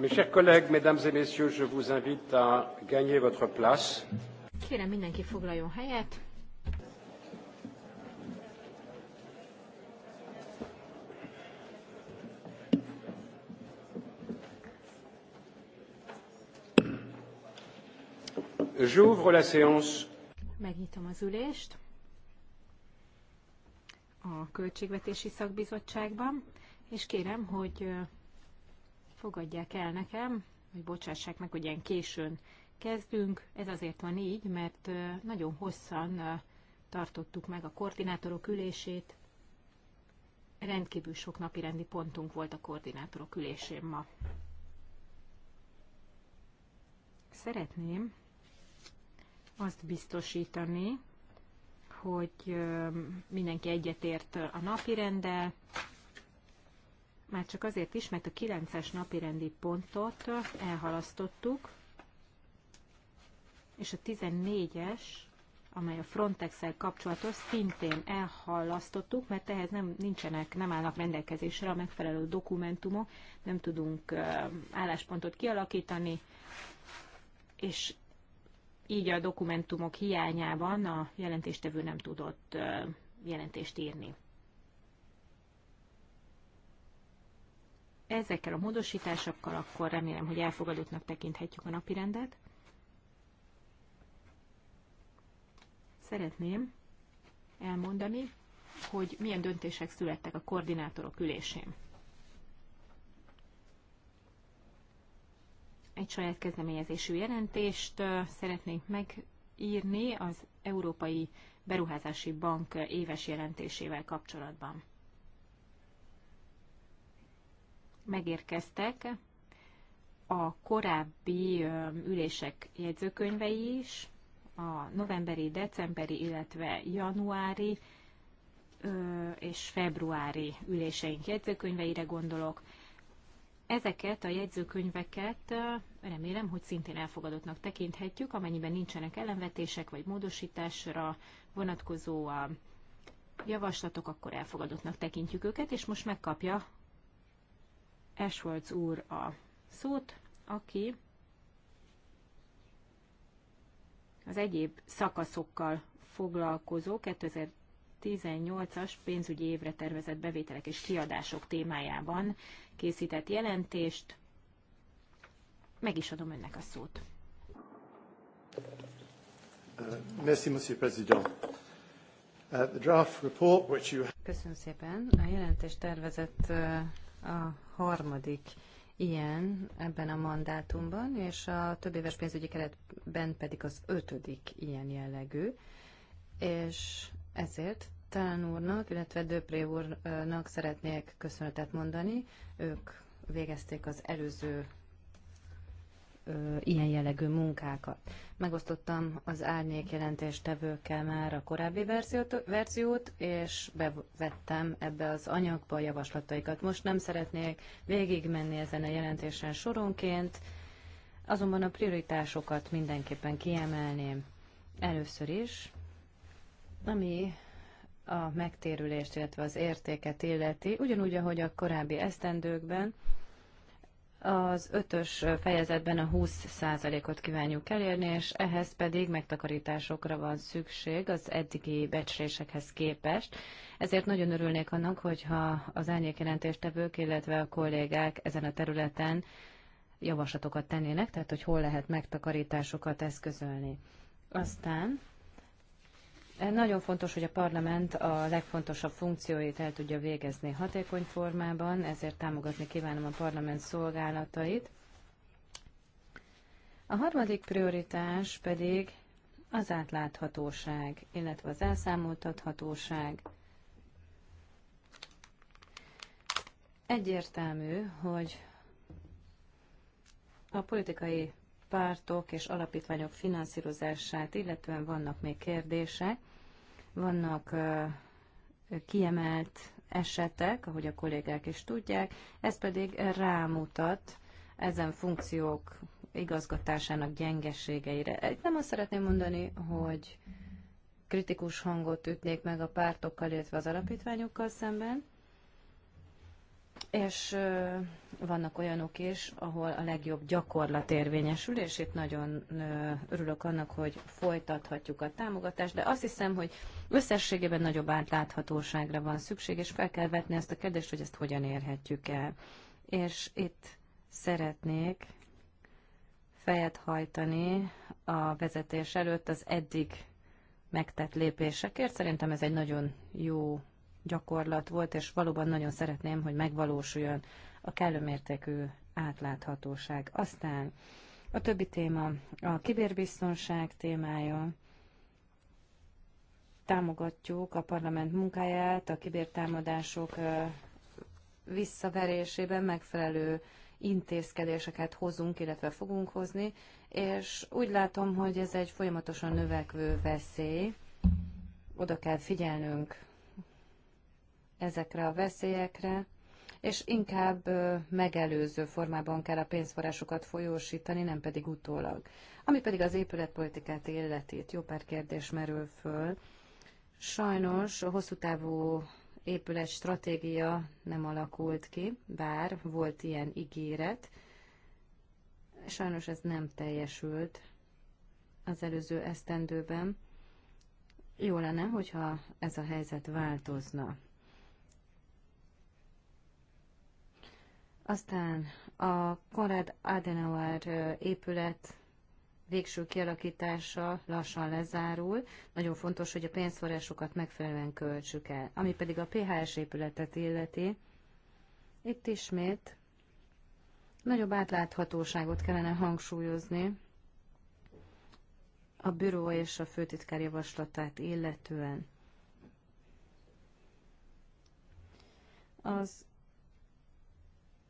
Mes chers collègues, mesdames et messieurs, je vous invite à gagner votre place. Kérem, mindenki foglaljon helyet. J'ouvre la séance. Megnyitom az ülést a Költségvetési Szakbizottságban, és kérem, hogy fogadják el nekem, hogy bocsássák meg, hogy ilyen későn kezdünk. Ez azért van így, mert nagyon hosszan tartottuk meg a koordinátorok ülését. Rendkívül sok napirendi pontunk volt a koordinátorok ülésén ma. Szeretném azt biztosítani, hogy mindenki egyetért a napirenddel, már csak azért is, mert a 9-es rendi pontot elhalasztottuk, és a 14-es, amely a frontex kapcsolatos, szintén elhalasztottuk, mert ehhez nem, nincsenek, nem állnak rendelkezésre a megfelelő dokumentumok, nem tudunk álláspontot kialakítani, és így a dokumentumok hiányában a jelentéstevő nem tudott jelentést írni. ezekkel a módosításokkal akkor remélem, hogy elfogadottnak tekinthetjük a napirendet. Szeretném elmondani, hogy milyen döntések születtek a koordinátorok ülésén. Egy saját kezdeményezésű jelentést szeretnénk megírni az Európai Beruházási Bank éves jelentésével kapcsolatban. megérkeztek a korábbi ülések jegyzőkönyvei is, a novemberi, decemberi, illetve januári és februári üléseink jegyzőkönyveire gondolok. Ezeket a jegyzőkönyveket remélem, hogy szintén elfogadottnak tekinthetjük, amennyiben nincsenek ellenvetések vagy módosításra vonatkozó javaslatok, akkor elfogadottnak tekintjük őket, és most megkapja Esholc úr a szót, aki az egyéb szakaszokkal foglalkozó 2018-as pénzügyi évre tervezett bevételek és kiadások témájában készített jelentést. Meg is adom önnek a szót. Uh, uh, Köszönöm szépen. A jelentés tervezett uh, a harmadik ilyen ebben a mandátumban, és a több éves pénzügyi keretben pedig az ötödik ilyen jellegű, és ezért Tán úrnak, illetve Döpré úrnak szeretnék köszönetet mondani. Ők végezték az előző ilyen jellegű munkákat. Megosztottam az árnyék jelentéstevőkkel már a korábbi verziót, verziót, és bevettem ebbe az anyagba a javaslataikat. Most nem szeretnék végigmenni ezen a jelentésen soronként, azonban a prioritásokat mindenképpen kiemelném. Először is, ami a megtérülést, illetve az értéket illeti, ugyanúgy, ahogy a korábbi esztendőkben, az ötös fejezetben a 20%-ot kívánjuk elérni, és ehhez pedig megtakarításokra van szükség az eddigi becslésekhez képest. Ezért nagyon örülnék annak, hogyha az árnyékjelentéstevők, illetve a kollégák ezen a területen javaslatokat tennének, tehát hogy hol lehet megtakarításokat eszközölni. Aztán nagyon fontos, hogy a parlament a legfontosabb funkcióit el tudja végezni hatékony formában, ezért támogatni kívánom a parlament szolgálatait. A harmadik prioritás pedig az átláthatóság, illetve az elszámoltathatóság. Egyértelmű, hogy a politikai pártok és alapítványok finanszírozását, illetően vannak még kérdések, vannak kiemelt esetek, ahogy a kollégák is tudják, ez pedig rámutat ezen funkciók igazgatásának gyengeségeire. Itt nem azt szeretném mondani, hogy kritikus hangot ütnék meg a pártokkal, illetve az alapítványokkal szemben, és vannak olyanok is, ahol a legjobb gyakorlat érvényesül, és itt nagyon örülök annak, hogy folytathatjuk a támogatást, de azt hiszem, hogy összességében nagyobb átláthatóságra van szükség, és fel kell vetni ezt a kérdést, hogy ezt hogyan érhetjük el. És itt szeretnék fejet hajtani a vezetés előtt az eddig megtett lépésekért. Szerintem ez egy nagyon jó gyakorlat volt, és valóban nagyon szeretném, hogy megvalósuljon a kellő mértékű átláthatóság. Aztán a többi téma a kiberbiztonság témája. Támogatjuk a parlament munkáját a kibértámadások visszaverésében megfelelő intézkedéseket hozunk, illetve fogunk hozni, és úgy látom, hogy ez egy folyamatosan növekvő veszély. Oda kell figyelnünk ezekre a veszélyekre, és inkább megelőző formában kell a pénzforrásokat folyósítani, nem pedig utólag. Ami pedig az épületpolitikát életét, jó pár kérdés merül föl. Sajnos a hosszú távú épület stratégia nem alakult ki, bár volt ilyen ígéret. Sajnos ez nem teljesült az előző esztendőben. Jó lenne, hogyha ez a helyzet változna. Aztán a Konrad Adenauer épület végső kialakítása lassan lezárul. Nagyon fontos, hogy a pénzforrásokat megfelelően költsük el. Ami pedig a PHS épületet illeti, itt ismét nagyobb átláthatóságot kellene hangsúlyozni a büró és a főtitkár javaslatát illetően. Az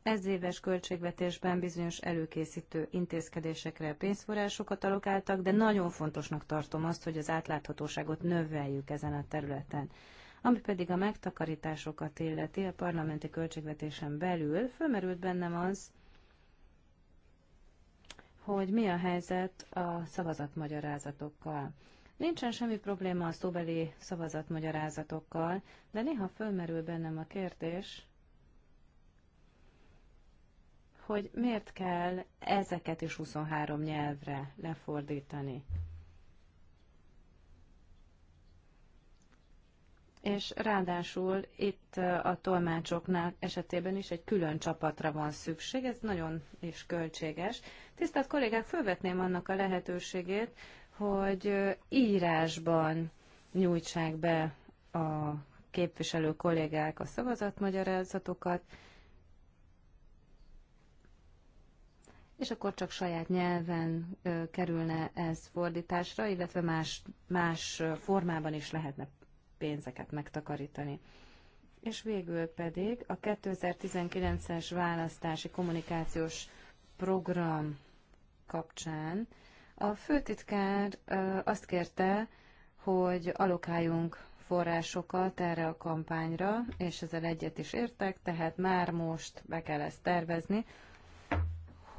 ez éves költségvetésben bizonyos előkészítő intézkedésekre pénzforrásokat alokáltak, de nagyon fontosnak tartom azt, hogy az átláthatóságot növeljük ezen a területen. Ami pedig a megtakarításokat illeti a parlamenti költségvetésen belül, fölmerült bennem az, hogy mi a helyzet a szavazatmagyarázatokkal. Nincsen semmi probléma a szóbeli szavazatmagyarázatokkal, de néha fölmerül bennem a kérdés, hogy miért kell ezeket is 23 nyelvre lefordítani. És ráadásul itt a tolmácsoknál esetében is egy külön csapatra van szükség, ez nagyon is költséges. Tisztelt kollégák, felvetném annak a lehetőségét, hogy írásban nyújtsák be a képviselő kollégák a szavazatmagyarázatokat, és akkor csak saját nyelven kerülne ez fordításra, illetve más, más formában is lehetne pénzeket megtakarítani. És végül pedig a 2019-es választási kommunikációs program kapcsán a főtitkár azt kérte, hogy alokáljunk forrásokat erre a kampányra, és ezzel egyet is értek, tehát már most be kell ezt tervezni,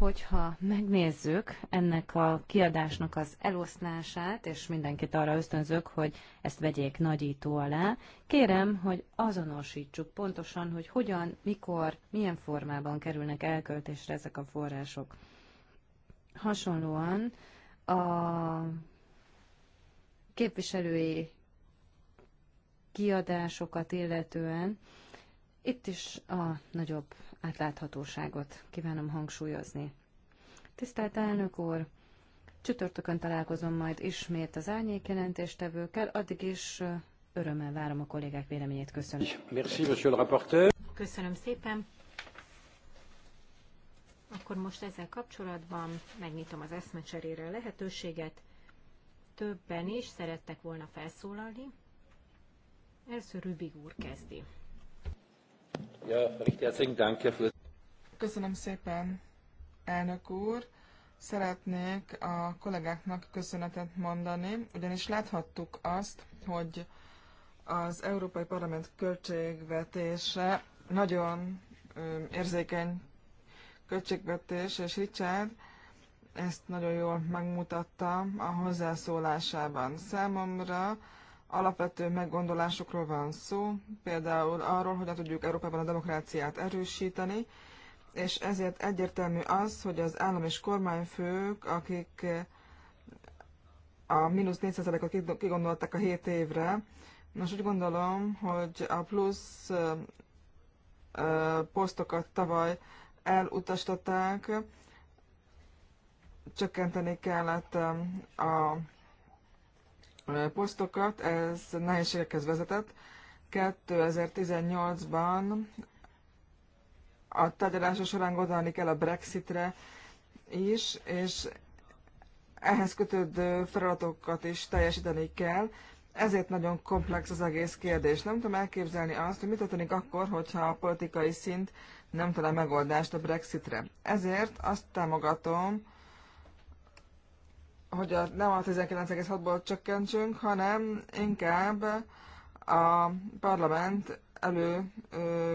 hogyha megnézzük ennek a kiadásnak az eloszlását, és mindenkit arra ösztönzök, hogy ezt vegyék nagyító alá, kérem, hogy azonosítsuk pontosan, hogy hogyan, mikor, milyen formában kerülnek elköltésre ezek a források. Hasonlóan a képviselői kiadásokat illetően itt is a nagyobb átláthatóságot kívánom hangsúlyozni. Tisztelt elnök úr! Csütörtökön találkozom majd ismét az árnyék jelentéstevőkkel, addig is örömmel várom a kollégák véleményét. Köszönöm. Merci, monsieur le rapporteur. Köszönöm szépen. Akkor most ezzel kapcsolatban megnyitom az eszmecserére lehetőséget. Többen is szerettek volna felszólalni. Először Rübig úr kezdi. Köszönöm szépen, elnök úr. Szeretnék a kollégáknak köszönetet mondani, ugyanis láthattuk azt, hogy az Európai Parlament költségvetése nagyon érzékeny költségvetés, és Richard ezt nagyon jól megmutatta a hozzászólásában. Számomra alapvető meggondolásokról van szó, például arról, hogyan tudjuk Európában a demokráciát erősíteni, és ezért egyértelmű az, hogy az állam és kormányfők, akik a mínusz 4%-ot kigondoltak a 7 évre, most úgy gondolom, hogy a plusz posztokat tavaly elutasították, csökkenteni kellett a posztokat, ez nehézségekhez vezetett. 2018-ban a tárgyalása során gondolni kell a Brexitre is, és ehhez kötődő feladatokat is teljesíteni kell. Ezért nagyon komplex az egész kérdés. Nem tudom elképzelni azt, hogy mit történik akkor, hogyha a politikai szint nem talál megoldást a Brexitre. Ezért azt támogatom, hogy a, nem a 19,6-ból csökkentsünk, hanem inkább a parlament elő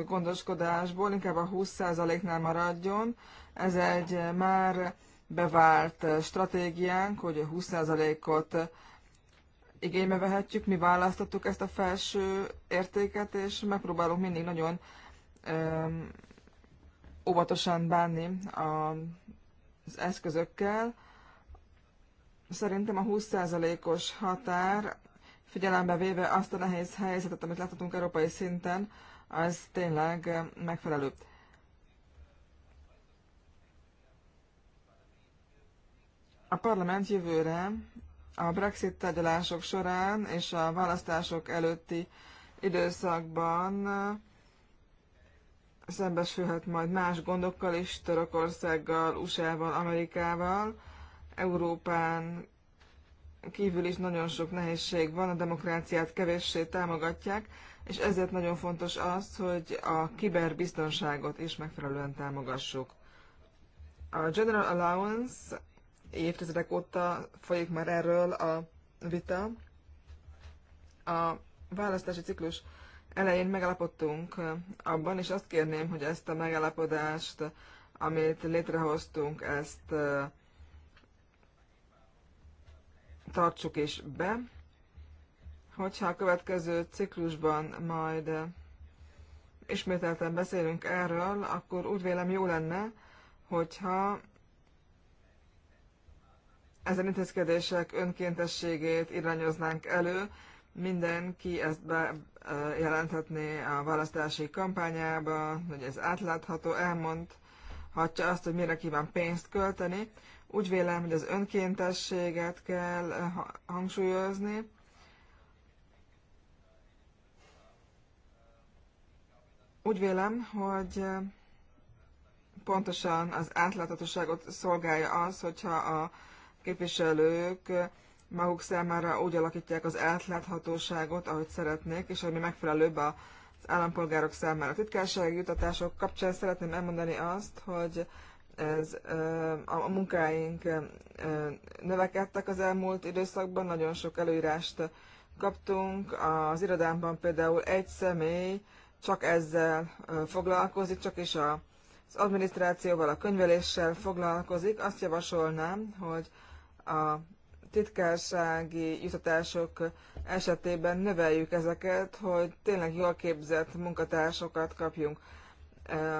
gondoskodásból inkább a 20%-nál maradjon. Ez egy már bevált stratégiánk, hogy a 20%-ot igénybe vehetjük. Mi választottuk ezt a felső értéket, és megpróbálunk mindig nagyon óvatosan bánni az eszközökkel, Szerintem a 20%-os határ, figyelembe véve azt a nehéz helyzetet, amit láthatunk európai szinten, az tényleg megfelelő. A parlament jövőre a Brexit tárgyalások során és a választások előtti időszakban szembesülhet majd más gondokkal is, Törökországgal, USA-val, Amerikával, Európán kívül is nagyon sok nehézség van, a demokráciát kevéssé támogatják, és ezért nagyon fontos az, hogy a kiberbiztonságot is megfelelően támogassuk. A General Allowance évtizedek óta folyik már erről a vita. A választási ciklus elején megalapodtunk abban, és azt kérném, hogy ezt a megalapodást, amit létrehoztunk, ezt tartsuk is be. Hogyha a következő ciklusban majd ismételten beszélünk erről, akkor úgy vélem jó lenne, hogyha ezen intézkedések önkéntességét irányoznánk elő, mindenki ezt bejelenthetné a választási kampányába, hogy ez átlátható, elmondhatja azt, hogy mire kíván pénzt költeni, úgy vélem, hogy az önkéntességet kell eh, hangsúlyozni. Úgy vélem, hogy eh, pontosan az átláthatóságot szolgálja az, hogyha a képviselők eh, maguk számára úgy alakítják az átláthatóságot, ahogy szeretnék, és ami megfelelőbb az állampolgárok számára. A titkársági jutatások kapcsán szeretném elmondani azt, hogy ez, a munkáink növekedtek az elmúlt időszakban, nagyon sok előírást kaptunk. Az irodámban például egy személy csak ezzel foglalkozik, csak is a, az adminisztrációval, a könyveléssel foglalkozik. Azt javasolnám, hogy a titkársági jutatások esetében növeljük ezeket, hogy tényleg jól képzett munkatársokat kapjunk.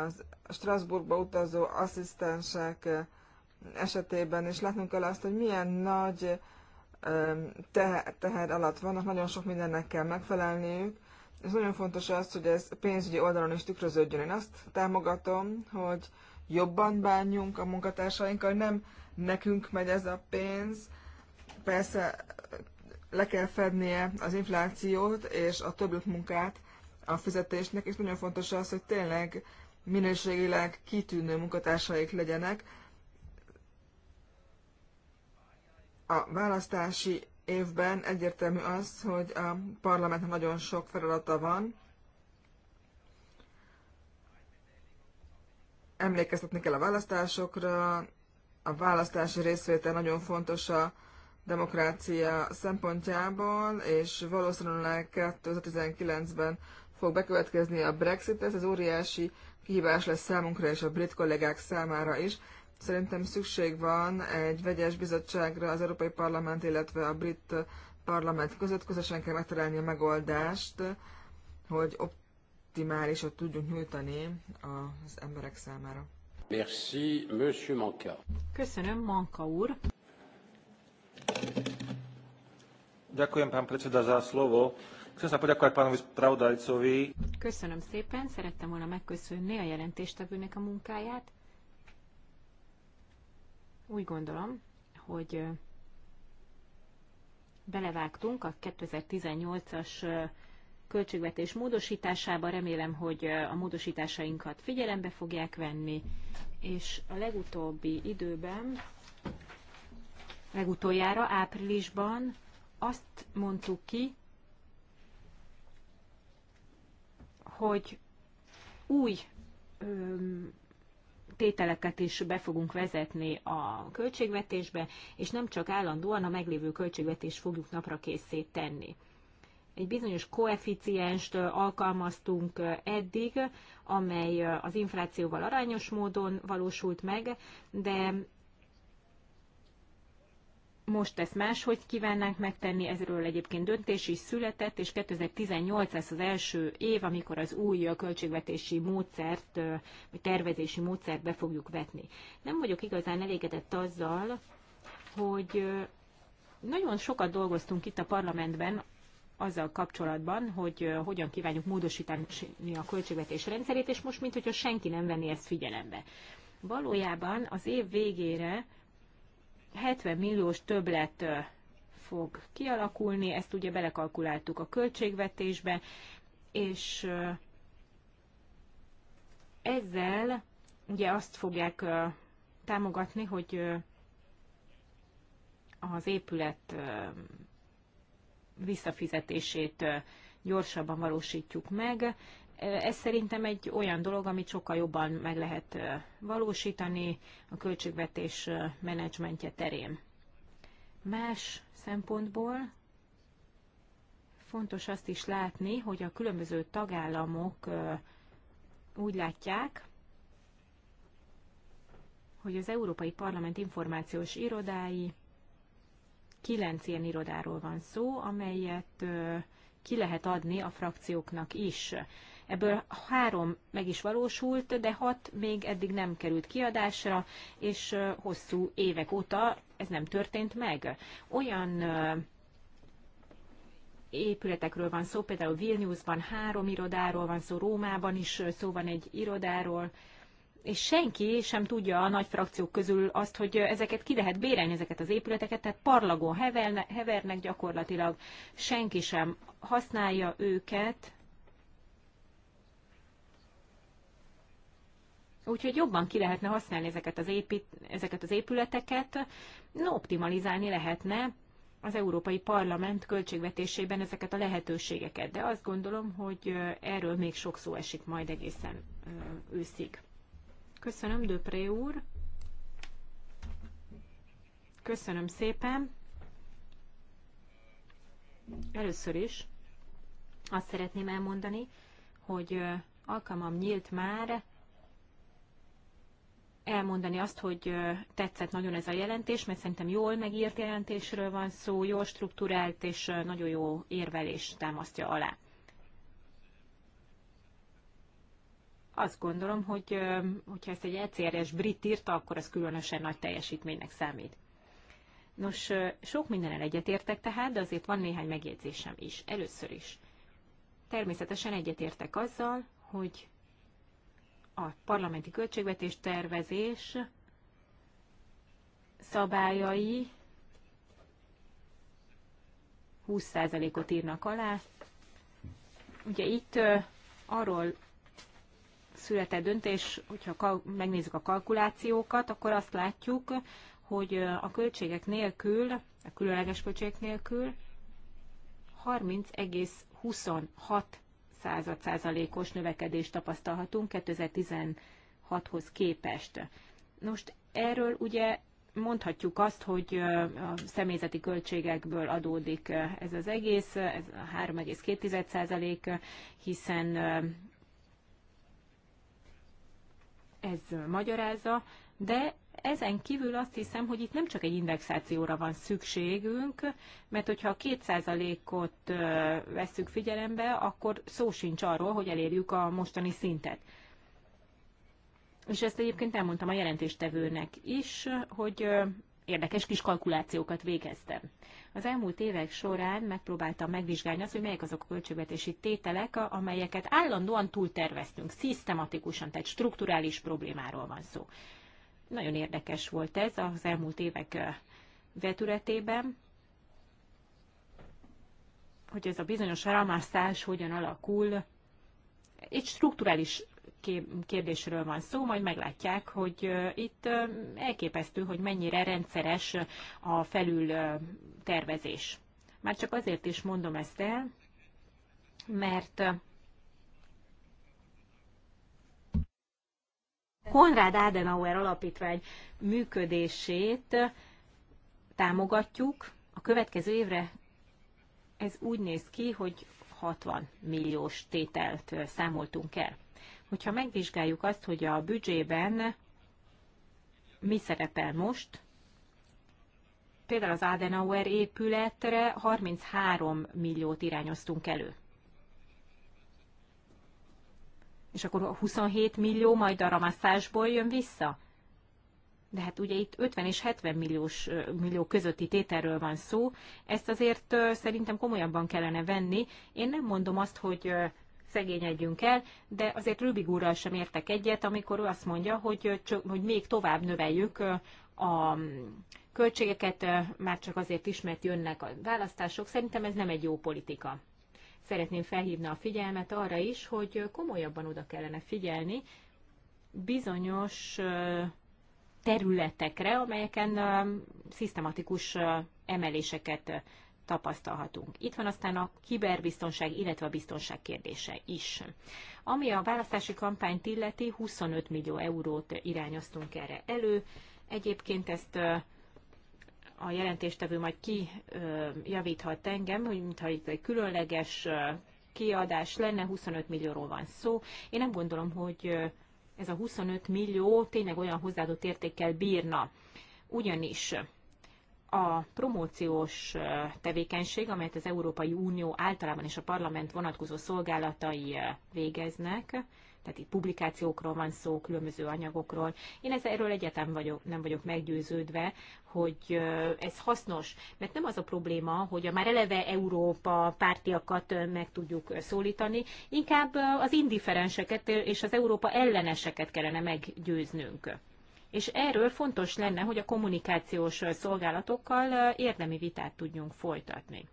Az Strasbourgba utazó asszisztensek esetében, és látnunk kell azt, hogy milyen nagy teher alatt vannak, nagyon sok mindennek kell megfelelniük, Ez nagyon fontos az, hogy ez pénzügyi oldalon is tükröződjön. Én azt támogatom, hogy jobban bánjunk a munkatársainkkal, nem nekünk megy ez a pénz, persze le kell fednie az inflációt és a többlet munkát a fizetésnek, és nagyon fontos az, hogy tényleg minőségileg kitűnő munkatársaik legyenek. A választási évben egyértelmű az, hogy a parlamentnek nagyon sok feladata van. Emlékeztetni kell a választásokra, a választási részvétel nagyon fontos a demokrácia szempontjából, és valószínűleg 2019-ben fog bekövetkezni a Brexit, ez az óriási kihívás lesz számunkra és a brit kollégák számára is. Szerintem szükség van egy vegyes bizottságra az Európai Parlament, illetve a brit parlament között. Közösen kell megtalálni a megoldást, hogy optimálisat tudjunk nyújtani az emberek számára. Merci, Monsieur Manka. Köszönöm, Manka úr. Köszönöm, pán predseda, za slovo. Chcem sa poďakovať pánovi spravodajcovi. Köszönöm szépen, szerettem volna megköszönni a jelentéstevőnek a munkáját. Úgy gondolom, hogy belevágtunk a 2018-as költségvetés módosításába. Remélem, hogy a módosításainkat figyelembe fogják venni, és a legutóbbi időben, legutoljára áprilisban azt mondtuk ki, hogy új öm, tételeket is be fogunk vezetni a költségvetésbe, és nem csak állandóan a meglévő költségvetést fogjuk napra készé tenni. Egy bizonyos koeficienst alkalmaztunk eddig, amely az inflációval arányos módon valósult meg, de most ezt máshogy kívánnánk megtenni, ezről egyébként döntés is született, és 2018 lesz az első év, amikor az új költségvetési módszert, vagy tervezési módszert be fogjuk vetni. Nem vagyok igazán elégedett azzal, hogy nagyon sokat dolgoztunk itt a parlamentben azzal kapcsolatban, hogy hogyan kívánjuk módosítani a költségvetés rendszerét, és most, mintha senki nem venné ezt figyelembe. Valójában az év végére 70 milliós többlet fog kialakulni, ezt ugye belekalkuláltuk a költségvetésbe, és ezzel ugye azt fogják támogatni, hogy az épület visszafizetését gyorsabban valósítjuk meg, ez szerintem egy olyan dolog, amit sokkal jobban meg lehet valósítani a költségvetés menedzsmentje terén. Más szempontból fontos azt is látni, hogy a különböző tagállamok úgy látják, hogy az Európai Parlament információs irodái, kilenc ilyen irodáról van szó, amelyet ki lehet adni a frakcióknak is. Ebből három meg is valósult, de hat még eddig nem került kiadásra, és hosszú évek óta ez nem történt meg. Olyan épületekről van szó, például Vilniusban három irodáról van szó, Rómában is szó van egy irodáról, és senki sem tudja a nagy frakciók közül azt, hogy ezeket ki lehet bérelni, ezeket az épületeket, tehát parlagon hevernek, hevernek gyakorlatilag, senki sem használja őket, Úgyhogy jobban ki lehetne használni ezeket az, épít, ezeket az épületeket, no, optimalizálni lehetne az Európai Parlament költségvetésében ezeket a lehetőségeket. De azt gondolom, hogy erről még sok szó esik majd egészen őszig. Köszönöm, Döpré úr. Köszönöm szépen. Először is azt szeretném elmondani, hogy alkalmam nyílt már elmondani azt, hogy tetszett nagyon ez a jelentés, mert szerintem jól megírt jelentésről van szó, jól struktúrált és nagyon jó érvelés támasztja alá. Azt gondolom, hogy hogyha ezt egy ECRS brit írta, akkor az különösen nagy teljesítménynek számít. Nos, sok mindenen egyetértek tehát, de azért van néhány megjegyzésem is. Először is. Természetesen egyetértek azzal, hogy a parlamenti költségvetés tervezés szabályai 20%-ot írnak alá. Ugye itt arról született döntés, hogyha megnézzük a kalkulációkat, akkor azt látjuk, hogy a költségek nélkül, a különleges költségek nélkül század százalékos növekedést tapasztalhatunk 2016-hoz képest. Most erről ugye mondhatjuk azt, hogy a személyzeti költségekből adódik ez az egész, ez 3,2 hiszen ez magyarázza, de ezen kívül azt hiszem, hogy itt nem csak egy indexációra van szükségünk, mert hogyha a 2%-ot vesszük figyelembe, akkor szó sincs arról, hogy elérjük a mostani szintet. És ezt egyébként elmondtam a jelentéstevőnek is, hogy érdekes kis kalkulációkat végeztem. Az elmúlt évek során megpróbáltam megvizsgálni azt, hogy melyek azok a költségvetési tételek, amelyeket állandóan túlterveztünk, szisztematikusan, tehát strukturális problémáról van szó. Nagyon érdekes volt ez az elmúlt évek vetületében, hogy ez a bizonyos ramászás hogyan alakul. egy strukturális kérdésről van szó, majd meglátják, hogy itt elképesztő, hogy mennyire rendszeres a felül tervezés. Már csak azért is mondom ezt el, mert Konrad Adenauer alapítvány működését támogatjuk. A következő évre ez úgy néz ki, hogy 60 milliós tételt számoltunk el. Hogyha megvizsgáljuk azt, hogy a büdzsében mi szerepel most, például az Adenauer épületre 33 milliót irányoztunk elő. És akkor a 27 millió majd a ramasszásból jön vissza? De hát ugye itt 50 és 70 milliós, millió közötti tételről van szó, ezt azért szerintem komolyabban kellene venni. Én nem mondom azt, hogy szegényedjünk el, de azért Rübig úrral sem értek egyet, amikor ő azt mondja, hogy, hogy még tovább növeljük a mm, költségeket, már csak azért is, mert jönnek a választások. Szerintem ez nem egy jó politika szeretném felhívni a figyelmet arra is, hogy komolyabban oda kellene figyelni bizonyos területekre, amelyeken szisztematikus emeléseket tapasztalhatunk. Itt van aztán a kiberbiztonság, illetve a biztonság kérdése is. Ami a választási kampányt illeti, 25 millió eurót irányoztunk erre elő. Egyébként ezt a jelentéstevő majd kijavíthat engem, hogy mintha itt egy különleges kiadás lenne, 25 millióról van szó. Én nem gondolom, hogy ez a 25 millió tényleg olyan hozzáadott értékkel bírna. Ugyanis a promóciós tevékenység, amelyet az Európai Unió általában és a parlament vonatkozó szolgálatai végeznek, tehát itt publikációkról van szó, különböző anyagokról. Én ez, erről egyetem vagyok, nem vagyok meggyőződve, hogy ez hasznos, mert nem az a probléma, hogy a már eleve Európa pártiakat meg tudjuk szólítani, inkább az indiferenseket és az Európa elleneseket kellene meggyőznünk. És erről fontos lenne, hogy a kommunikációs szolgálatokkal érdemi vitát tudjunk folytatni.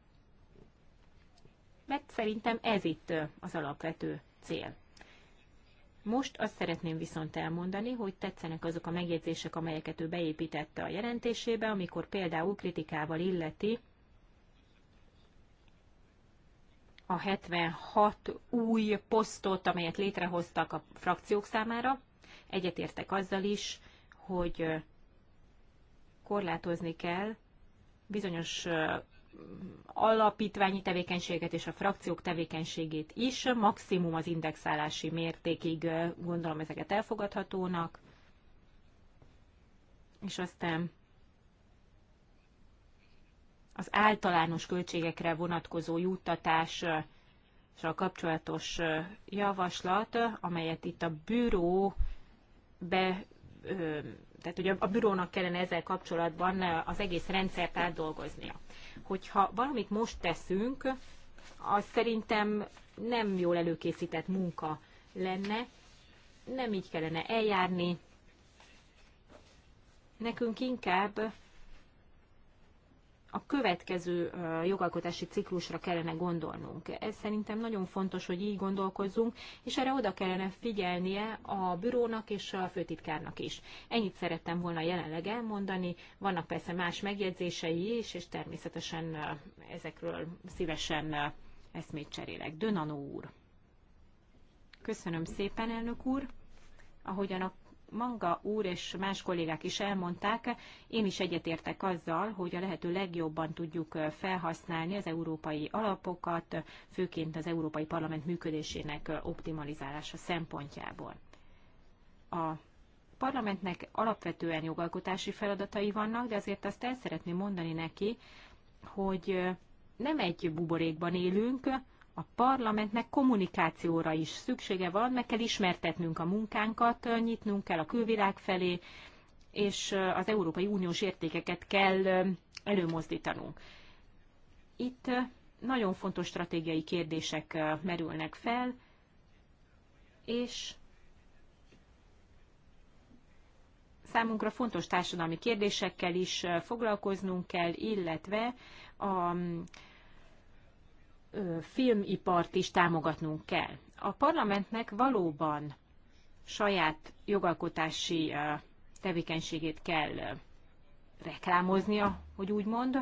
Mert szerintem ez itt az alapvető cél. Most azt szeretném viszont elmondani, hogy tetszenek azok a megjegyzések, amelyeket ő beépítette a jelentésébe, amikor például kritikával illeti a 76 új posztot, amelyet létrehoztak a frakciók számára. Egyetértek azzal is, hogy korlátozni kell bizonyos alapítványi tevékenységet és a frakciók tevékenységét is. Maximum az indexálási mértékig gondolom ezeket elfogadhatónak. És aztán az általános költségekre vonatkozó juttatás és a kapcsolatos javaslat, amelyet itt a bűró be tehát ugye a bürónak kellene ezzel kapcsolatban az egész rendszert átdolgoznia. Hogyha valamit most teszünk, az szerintem nem jól előkészített munka lenne, nem így kellene eljárni. Nekünk inkább a következő jogalkotási ciklusra kellene gondolnunk. Ez szerintem nagyon fontos, hogy így gondolkozzunk, és erre oda kellene figyelnie a bürónak és a főtitkárnak is. Ennyit szerettem volna jelenleg elmondani, vannak persze más megjegyzései is, és természetesen ezekről szívesen eszmét cserélek. Dönanó úr. Köszönöm szépen, elnök úr. Ahogyan a Manga úr és más kollégák is elmondták, én is egyetértek azzal, hogy a lehető legjobban tudjuk felhasználni az európai alapokat, főként az Európai Parlament működésének optimalizálása szempontjából. A parlamentnek alapvetően jogalkotási feladatai vannak, de azért azt el szeretném mondani neki, hogy nem egy buborékban élünk, a parlamentnek kommunikációra is szüksége van, meg kell ismertetnünk a munkánkat, nyitnunk kell a külvilág felé, és az Európai Uniós értékeket kell előmozdítanunk. Itt nagyon fontos stratégiai kérdések merülnek fel, és számunkra fontos társadalmi kérdésekkel is foglalkoznunk kell, illetve a filmipart is támogatnunk kell. A parlamentnek valóban saját jogalkotási tevékenységét kell reklámoznia, hogy úgy mond.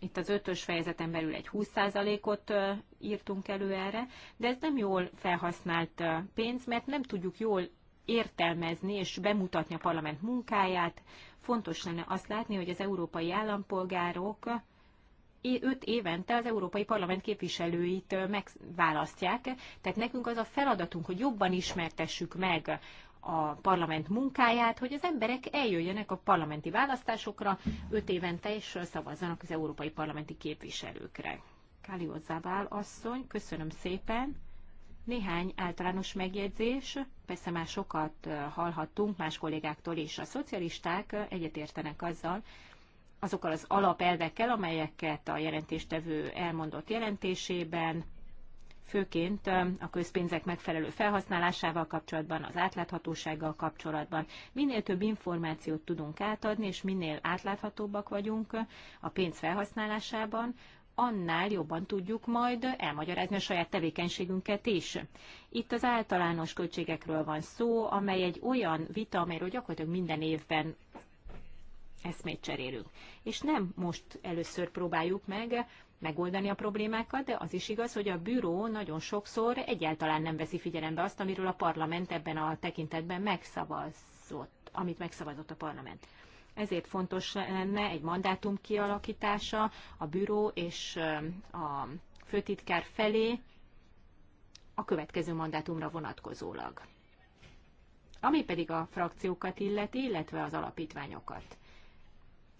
Itt az ötös fejezeten belül egy 20%-ot írtunk elő erre, de ez nem jól felhasznált pénz, mert nem tudjuk jól értelmezni és bemutatni a parlament munkáját. Fontos lenne azt látni, hogy az európai állampolgárok öt évente az Európai Parlament képviselőit megválasztják, tehát nekünk az a feladatunk, hogy jobban ismertessük meg a parlament munkáját, hogy az emberek eljöjjenek a parlamenti választásokra öt évente, és szavazzanak az európai parlamenti képviselőkre. Káli Zabál asszony, köszönöm szépen. Néhány általános megjegyzés, persze már sokat hallhattunk más kollégáktól és A szocialisták egyetértenek azzal, azokkal az alapelvekkel, amelyeket a jelentéstevő elmondott jelentésében, főként a közpénzek megfelelő felhasználásával kapcsolatban, az átláthatósággal kapcsolatban. Minél több információt tudunk átadni, és minél átláthatóbbak vagyunk a pénz felhasználásában, annál jobban tudjuk majd elmagyarázni a saját tevékenységünket is. Itt az általános költségekről van szó, amely egy olyan vita, amelyről gyakorlatilag minden évben eszmét cserélünk. És nem most először próbáljuk meg megoldani a problémákat, de az is igaz, hogy a bűró nagyon sokszor egyáltalán nem veszi figyelembe azt, amiről a parlament ebben a tekintetben megszavazott, amit megszavazott a parlament. Ezért fontos lenne egy mandátum kialakítása a bűró és a főtitkár felé a következő mandátumra vonatkozólag. Ami pedig a frakciókat illeti, illetve az alapítványokat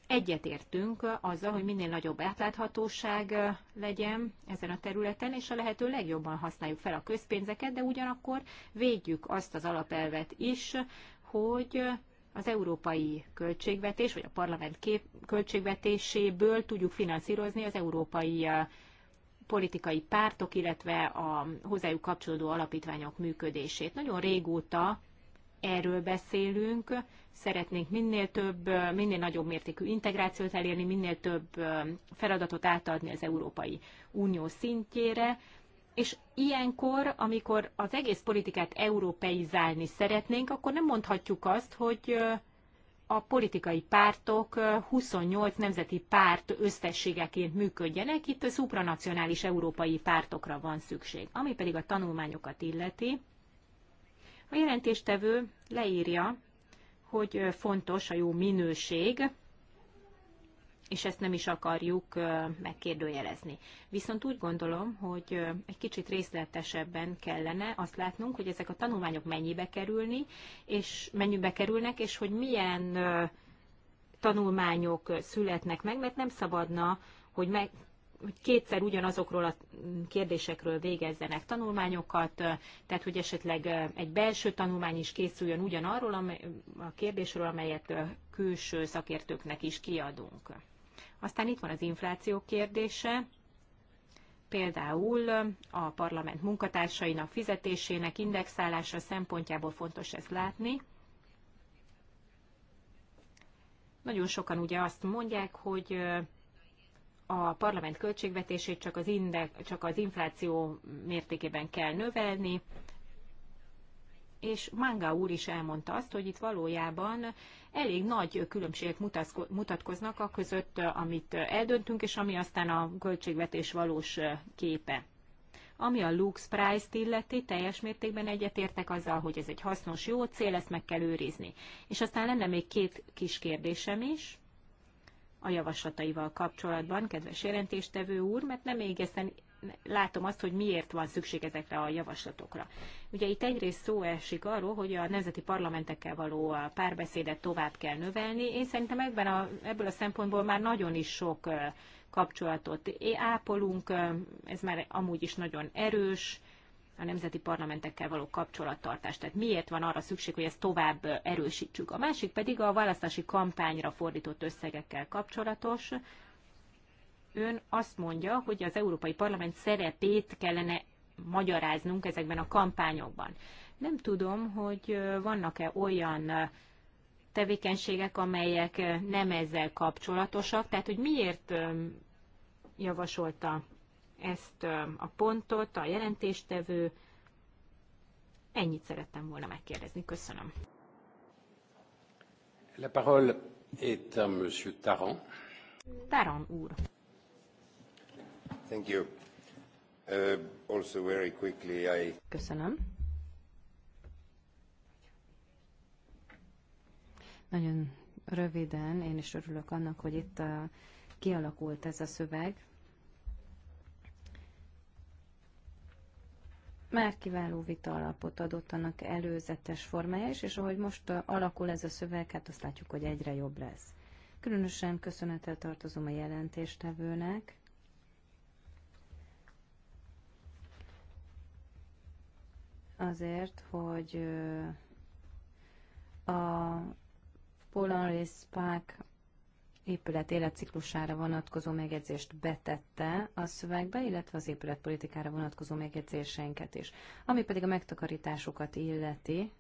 egyetértünk azzal, hogy minél nagyobb átláthatóság legyen ezen a területen, és a lehető legjobban használjuk fel a közpénzeket, de ugyanakkor védjük azt az alapelvet is, hogy az európai költségvetés, vagy a parlament kép költségvetéséből tudjuk finanszírozni az európai politikai pártok, illetve a hozzájuk kapcsolódó alapítványok működését. Nagyon régóta erről beszélünk, szeretnénk minél több, minél nagyobb mértékű integrációt elérni, minél több feladatot átadni az Európai Unió szintjére, és ilyenkor, amikor az egész politikát európeizálni szeretnénk, akkor nem mondhatjuk azt, hogy a politikai pártok 28 nemzeti párt összességeként működjenek, itt szupranacionális európai pártokra van szükség. Ami pedig a tanulmányokat illeti, a jelentéstevő leírja, hogy fontos a jó minőség, és ezt nem is akarjuk megkérdőjelezni. Viszont úgy gondolom, hogy egy kicsit részletesebben kellene azt látnunk, hogy ezek a tanulmányok mennyibe kerülni, és mennyibe kerülnek, és hogy milyen tanulmányok születnek meg, mert nem szabadna, hogy meg hogy kétszer ugyanazokról a kérdésekről végezzenek tanulmányokat, tehát hogy esetleg egy belső tanulmány is készüljön ugyanarról a kérdésről, amelyet külső szakértőknek is kiadunk. Aztán itt van az infláció kérdése, például a parlament munkatársainak fizetésének indexálása szempontjából fontos ezt látni. Nagyon sokan ugye azt mondják, hogy a parlament költségvetését csak az, index, csak az infláció mértékében kell növelni, és Manga úr is elmondta azt, hogy itt valójában elég nagy különbségek mutatkoznak a között, amit eldöntünk, és ami aztán a költségvetés valós képe. Ami a Lux Price-t illeti, teljes mértékben egyetértek azzal, hogy ez egy hasznos, jó cél, ezt meg kell őrizni. És aztán lenne még két kis kérdésem is a javaslataival kapcsolatban, kedves jelentéstevő úr, mert nem égészen látom azt, hogy miért van szükség ezekre a javaslatokra. Ugye itt egyrészt szó esik arról, hogy a nemzeti parlamentekkel való párbeszédet tovább kell növelni. Én szerintem ebben a, ebből a szempontból már nagyon is sok kapcsolatot ápolunk, ez már amúgy is nagyon erős, a nemzeti parlamentekkel való kapcsolattartást. Tehát miért van arra szükség, hogy ezt tovább erősítsük. A másik pedig a választási kampányra fordított összegekkel kapcsolatos. Ön azt mondja, hogy az Európai Parlament szerepét kellene magyaráznunk ezekben a kampányokban. Nem tudom, hogy vannak-e olyan tevékenységek, amelyek nem ezzel kapcsolatosak, tehát hogy miért javasolta ezt a pontot, a jelentéstevő. Ennyit szerettem volna megkérdezni. Köszönöm. La parole est à monsieur Taran. Taran úr. Thank you. Uh, also very quickly I... Köszönöm. Nagyon röviden, én is örülök annak, hogy itt a, uh, kialakult ez a szöveg, már kiváló vita alapot adott annak előzetes formája is, és ahogy most alakul ez a szöveg, hát azt látjuk, hogy egyre jobb lesz. Különösen köszönettel tartozom a jelentéstevőnek. Azért, hogy a Polaris Park épület életciklusára vonatkozó megjegyzést betette a szövegbe, illetve az épületpolitikára vonatkozó megjegyzéseinket is. Ami pedig a megtakarításokat illeti,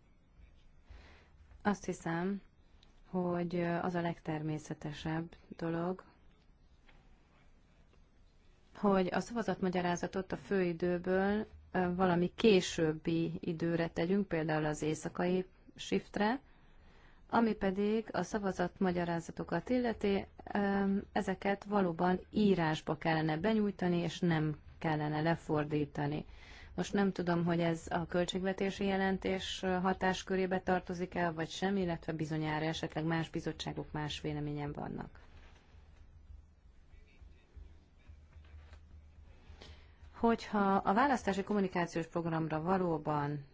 azt hiszem, hogy az a legtermészetesebb dolog, hogy a szavazatmagyarázatot a főidőből valami későbbi időre tegyünk, például az éjszakai shiftre, ami pedig a szavazat magyarázatokat illeti, ezeket valóban írásba kellene benyújtani, és nem kellene lefordítani. Most nem tudom, hogy ez a költségvetési jelentés hatáskörébe tartozik el, vagy sem, illetve bizonyára esetleg más bizottságok más véleményen vannak. Hogyha a választási kommunikációs programra valóban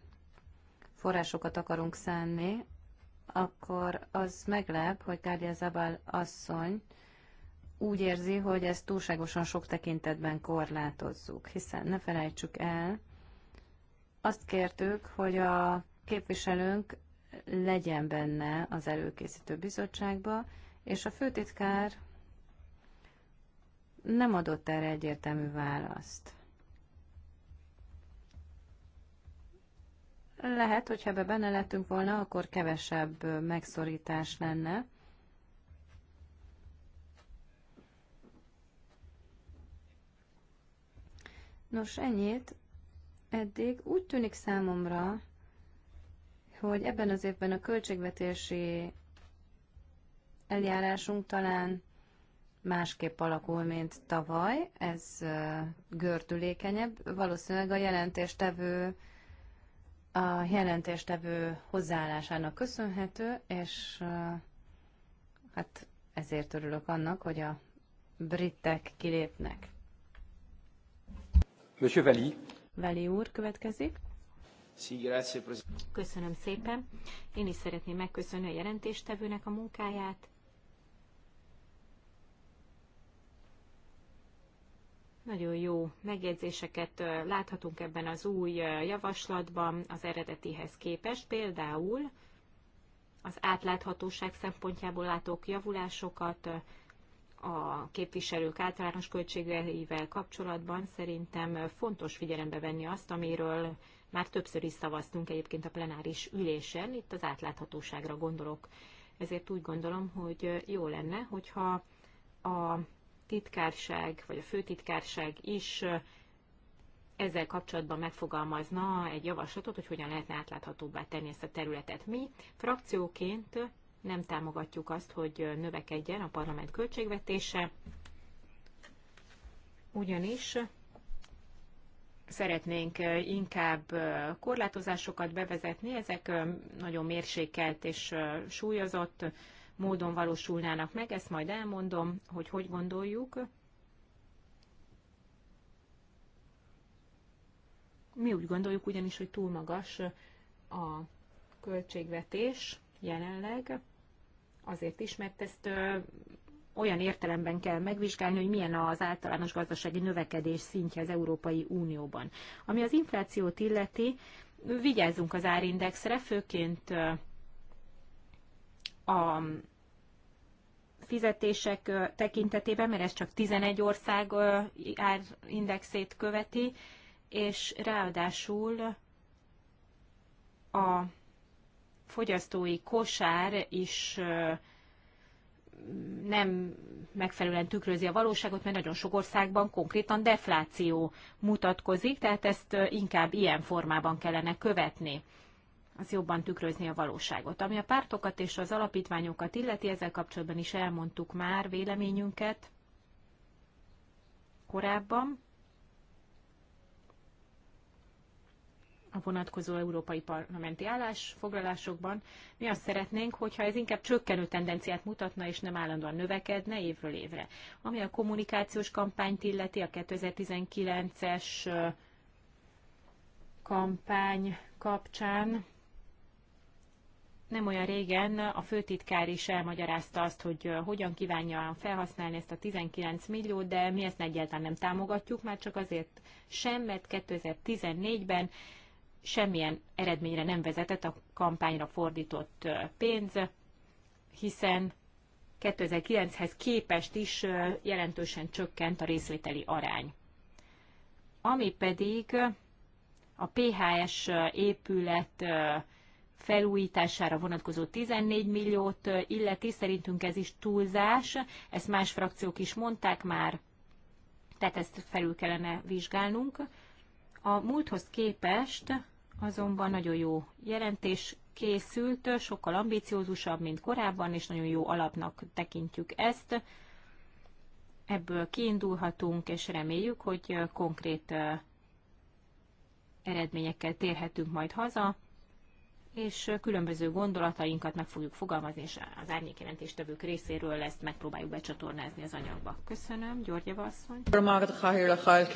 forrásokat akarunk szánni, akkor az meglep, hogy Kádia Zabal asszony úgy érzi, hogy ezt túlságosan sok tekintetben korlátozzuk, hiszen ne felejtsük el, azt kértük, hogy a képviselőnk legyen benne az előkészítő bizottságba, és a főtitkár nem adott erre egyértelmű választ. Lehet, hogyha ebbe benne lettünk volna, akkor kevesebb megszorítás lenne. Nos, ennyit. Eddig úgy tűnik számomra, hogy ebben az évben a költségvetési eljárásunk talán másképp alakul, mint tavaly. Ez gördülékenyebb. Valószínűleg a jelentéstevő a jelentéstevő hozzáállásának köszönhető, és uh, hát ezért örülök annak, hogy a britek kilépnek. Monsieur Vali. Vali úr következik. Köszönöm szépen. Én is szeretném megköszönni a jelentéstevőnek a munkáját, Nagyon jó megjegyzéseket láthatunk ebben az új javaslatban az eredetihez képest. Például az átláthatóság szempontjából látok javulásokat a képviselők általános költségeivel kapcsolatban. Szerintem fontos figyelembe venni azt, amiről már többször is szavaztunk egyébként a plenáris ülésen, itt az átláthatóságra gondolok. Ezért úgy gondolom, hogy jó lenne, hogyha a titkárság, vagy a főtitkárság is ezzel kapcsolatban megfogalmazna egy javaslatot, hogy hogyan lehetne átláthatóbbá tenni ezt a területet. Mi frakcióként nem támogatjuk azt, hogy növekedjen a parlament költségvetése, ugyanis szeretnénk inkább korlátozásokat bevezetni, ezek nagyon mérsékelt és súlyozott módon valósulnának meg, ezt majd elmondom, hogy hogy gondoljuk. Mi úgy gondoljuk ugyanis, hogy túl magas a költségvetés jelenleg, azért is, mert ezt olyan értelemben kell megvizsgálni, hogy milyen az általános gazdasági növekedés szintje az Európai Unióban. Ami az inflációt illeti, vigyázzunk az árindexre, főként a fizetések tekintetében, mert ez csak 11 ország árindexét követi, és ráadásul a fogyasztói kosár is nem megfelelően tükrözi a valóságot, mert nagyon sok országban konkrétan defláció mutatkozik, tehát ezt inkább ilyen formában kellene követni az jobban tükrözni a valóságot. Ami a pártokat és az alapítványokat illeti, ezzel kapcsolatban is elmondtuk már véleményünket korábban. a vonatkozó európai parlamenti állásfoglalásokban. Mi azt szeretnénk, hogyha ez inkább csökkenő tendenciát mutatna, és nem állandóan növekedne évről évre. Ami a kommunikációs kampányt illeti, a 2019-es kampány kapcsán nem olyan régen a főtitkár is elmagyarázta azt, hogy hogyan kívánja felhasználni ezt a 19 milliót, de mi ezt egyáltalán nem támogatjuk, már csak azért sem, mert 2014-ben semmilyen eredményre nem vezetett a kampányra fordított pénz, hiszen 2009-hez képest is jelentősen csökkent a részvételi arány. Ami pedig a PHS épület felújítására vonatkozó 14 milliót illeti, szerintünk ez is túlzás, ezt más frakciók is mondták már, tehát ezt felül kellene vizsgálnunk. A múlthoz képest azonban nagyon jó jelentés készült, sokkal ambiciózusabb, mint korábban, és nagyon jó alapnak tekintjük ezt. Ebből kiindulhatunk, és reméljük, hogy konkrét eredményekkel térhetünk majd haza és különböző gondolatainkat meg fogjuk fogalmazni, és az tevők részéről ezt megpróbáljuk becsatornázni az anyagba. Köszönöm, Györgyeva Vasszony.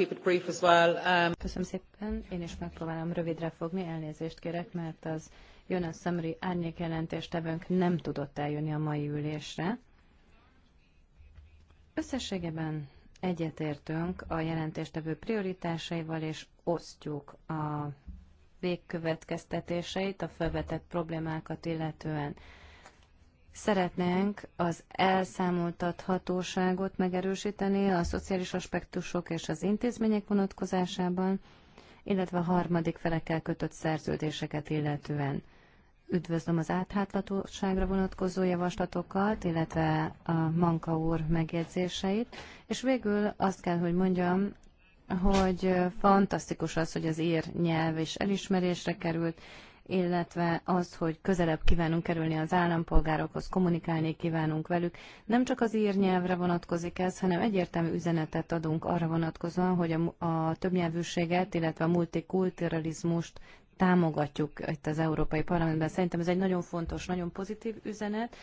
Köszönöm szépen, én is megpróbálom rövidre fogni, elnézést kérek, mert az Jonas árnyékjelentés tevőnk nem tudott eljönni a mai ülésre. Összességében egyetértünk a jelentéstevő prioritásaival, és osztjuk a végkövetkeztetéseit a felvetett problémákat illetően. Szeretnénk az elszámoltathatóságot megerősíteni a szociális aspektusok és az intézmények vonatkozásában, illetve a harmadik felekkel kötött szerződéseket illetően. Üdvözlöm az áthátlatóságra vonatkozó javaslatokat, illetve a Manka úr megjegyzéseit, és végül azt kell, hogy mondjam, hogy fantasztikus az, hogy az ír nyelv is elismerésre került, illetve az, hogy közelebb kívánunk kerülni az állampolgárokhoz, kommunikálni kívánunk velük. Nem csak az nyelvre vonatkozik ez, hanem egyértelmű üzenetet adunk arra vonatkozóan, hogy a, a többnyelvűséget, illetve a multikulturalizmust támogatjuk itt az Európai Parlamentben. Szerintem ez egy nagyon fontos, nagyon pozitív üzenet,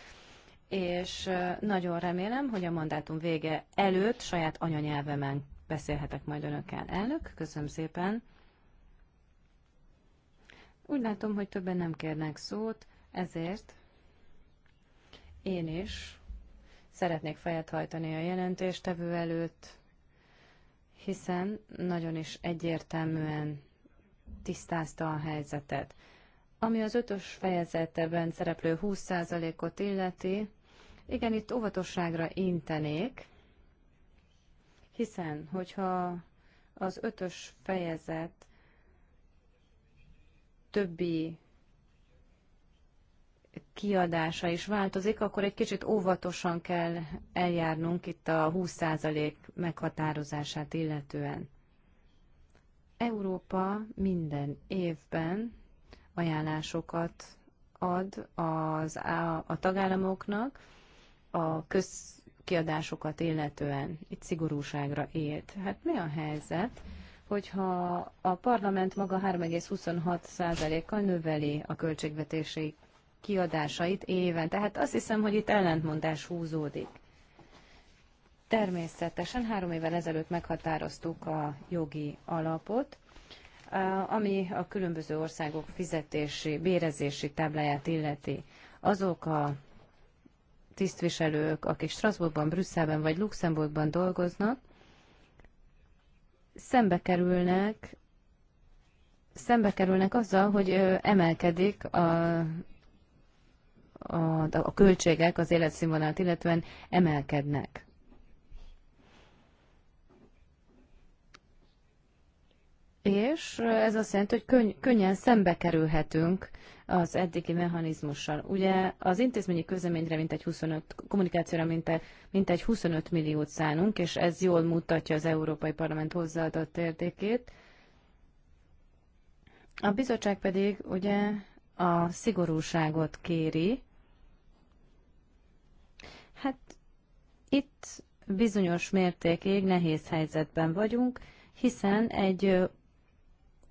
és nagyon remélem, hogy a mandátum vége előtt saját anyanyelvemen beszélhetek majd önökkel. Elnök, köszönöm szépen. Úgy látom, hogy többen nem kérnek szót, ezért én is szeretnék fejet hajtani a jelentéstevő előtt, hiszen nagyon is egyértelműen tisztázta a helyzetet. Ami az ötös fejezetben szereplő 20%-ot illeti, igen, itt óvatosságra intenék, hiszen hogyha az ötös fejezet többi kiadása is változik, akkor egy kicsit óvatosan kell eljárnunk itt a 20% meghatározását illetően. Európa minden évben ajánlásokat ad az, a, a tagállamoknak a köz, kiadásokat illetően. Itt szigorúságra élt. Hát mi a helyzet, hogyha a parlament maga 3,26%-kal növeli a költségvetési kiadásait éven. Tehát azt hiszem, hogy itt ellentmondás húzódik. Természetesen három évvel ezelőtt meghatároztuk a jogi alapot, ami a különböző országok fizetési, bérezési tábláját illeti. Azok a tisztviselők, akik Strasbourgban, Brüsszelben vagy Luxemburgban dolgoznak, szembe kerülnek, szembe kerülnek azzal, hogy emelkedik a, a, a költségek, az életszínvonalat illetve emelkednek. és ez azt jelenti, hogy könny- könnyen szembe kerülhetünk az eddigi mechanizmussal. Ugye az intézményi közleményre mintegy 25, kommunikációra mintegy, mintegy 25 milliót szánunk, és ez jól mutatja az Európai Parlament hozzáadott értékét. A bizottság pedig ugye a szigorúságot kéri. Hát itt bizonyos mértékig nehéz helyzetben vagyunk, hiszen egy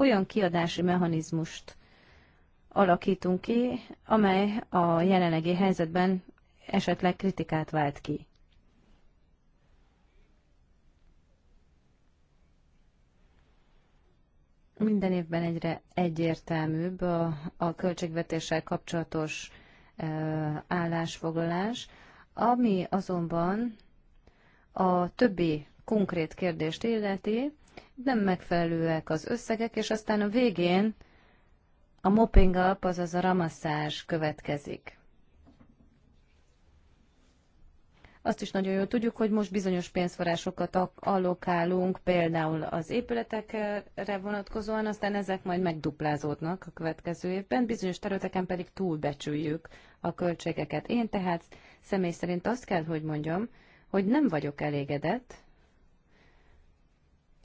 olyan kiadási mechanizmust alakítunk ki, amely a jelenlegi helyzetben esetleg kritikát vált ki. Minden évben egyre egyértelműbb a, a költségvetéssel kapcsolatos e, állásfoglalás, ami azonban a többi konkrét kérdést illeti, nem megfelelőek az összegek, és aztán a végén a mopping up, azaz a ramasszás következik. Azt is nagyon jól tudjuk, hogy most bizonyos pénzforrásokat allokálunk, például az épületekre vonatkozóan, aztán ezek majd megduplázódnak a következő évben, bizonyos területeken pedig túlbecsüljük a költségeket. Én tehát személy szerint azt kell, hogy mondjam, hogy nem vagyok elégedett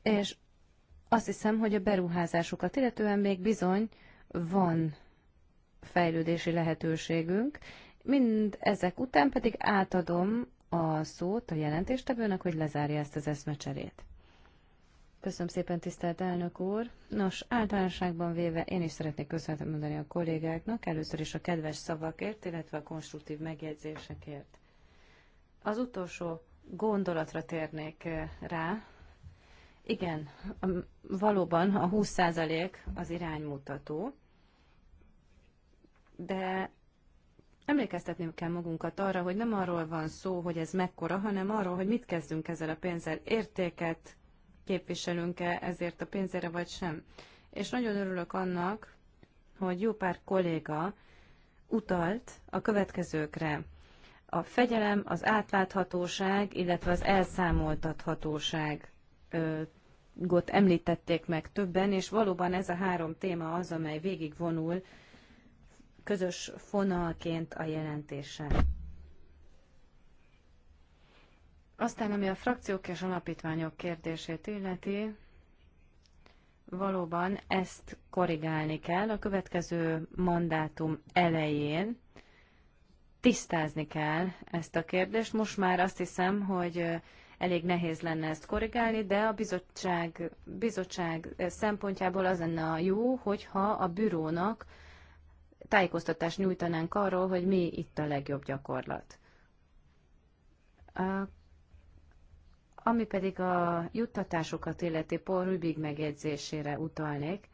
és azt hiszem, hogy a beruházásokat illetően még bizony van fejlődési lehetőségünk. Mind ezek után pedig átadom a szót a jelentéstevőnek, hogy lezárja ezt az eszmecserét. Köszönöm szépen, tisztelt elnök úr! Nos, általánosságban véve én is szeretnék köszönetet mondani a kollégáknak, először is a kedves szavakért, illetve a konstruktív megjegyzésekért. Az utolsó gondolatra térnék eh, rá, igen, um, valóban a 20% az iránymutató, de emlékeztetném kell magunkat arra, hogy nem arról van szó, hogy ez mekkora, hanem arról, hogy mit kezdünk ezzel a pénzzel, értéket képviselünk-e ezért a pénzére vagy sem. És nagyon örülök annak, hogy jó pár kolléga utalt a következőkre. A fegyelem, az átláthatóság, illetve az elszámoltathatóság gott említették meg többen, és valóban ez a három téma az, amely végigvonul közös fonalként a jelentésen. Aztán, ami a frakciók és alapítványok kérdését illeti, valóban ezt korrigálni kell a következő mandátum elején. Tisztázni kell ezt a kérdést. Most már azt hiszem, hogy elég nehéz lenne ezt korrigálni, de a bizottság, bizottság szempontjából az lenne a jó, hogyha a bürónak tájékoztatást nyújtanánk arról, hogy mi itt a legjobb gyakorlat. ami pedig a juttatásokat illeti Paul Rübig megjegyzésére utalnék,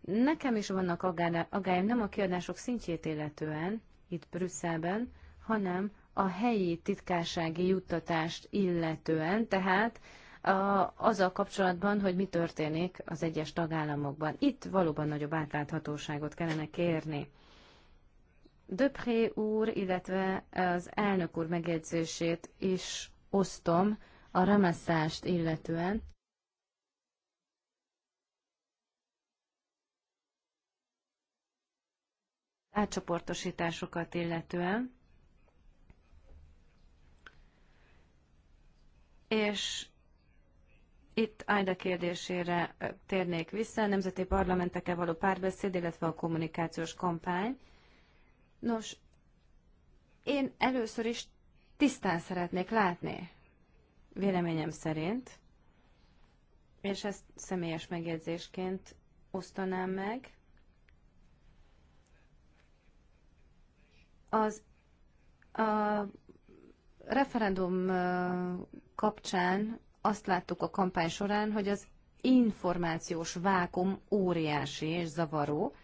nekem is vannak agályom nem a kiadások szintjét illetően itt Brüsszelben, hanem a helyi titkársági juttatást illetően, tehát a, azzal kapcsolatban, hogy mi történik az egyes tagállamokban. Itt valóban nagyobb átláthatóságot kellene kérni. Döpré úr, illetve az elnök úr megjegyzését is osztom a remeszást illetően. Átcsoportosításokat illetően. és itt Ájda kérdésére térnék vissza, a nemzeti parlamentekkel való párbeszéd, illetve a kommunikációs kampány. Nos, én először is tisztán szeretnék látni, véleményem szerint, és ezt személyes megjegyzésként osztanám meg, az a referendum kapcsán azt láttuk a kampány során, hogy az információs vákum óriási és zavaró.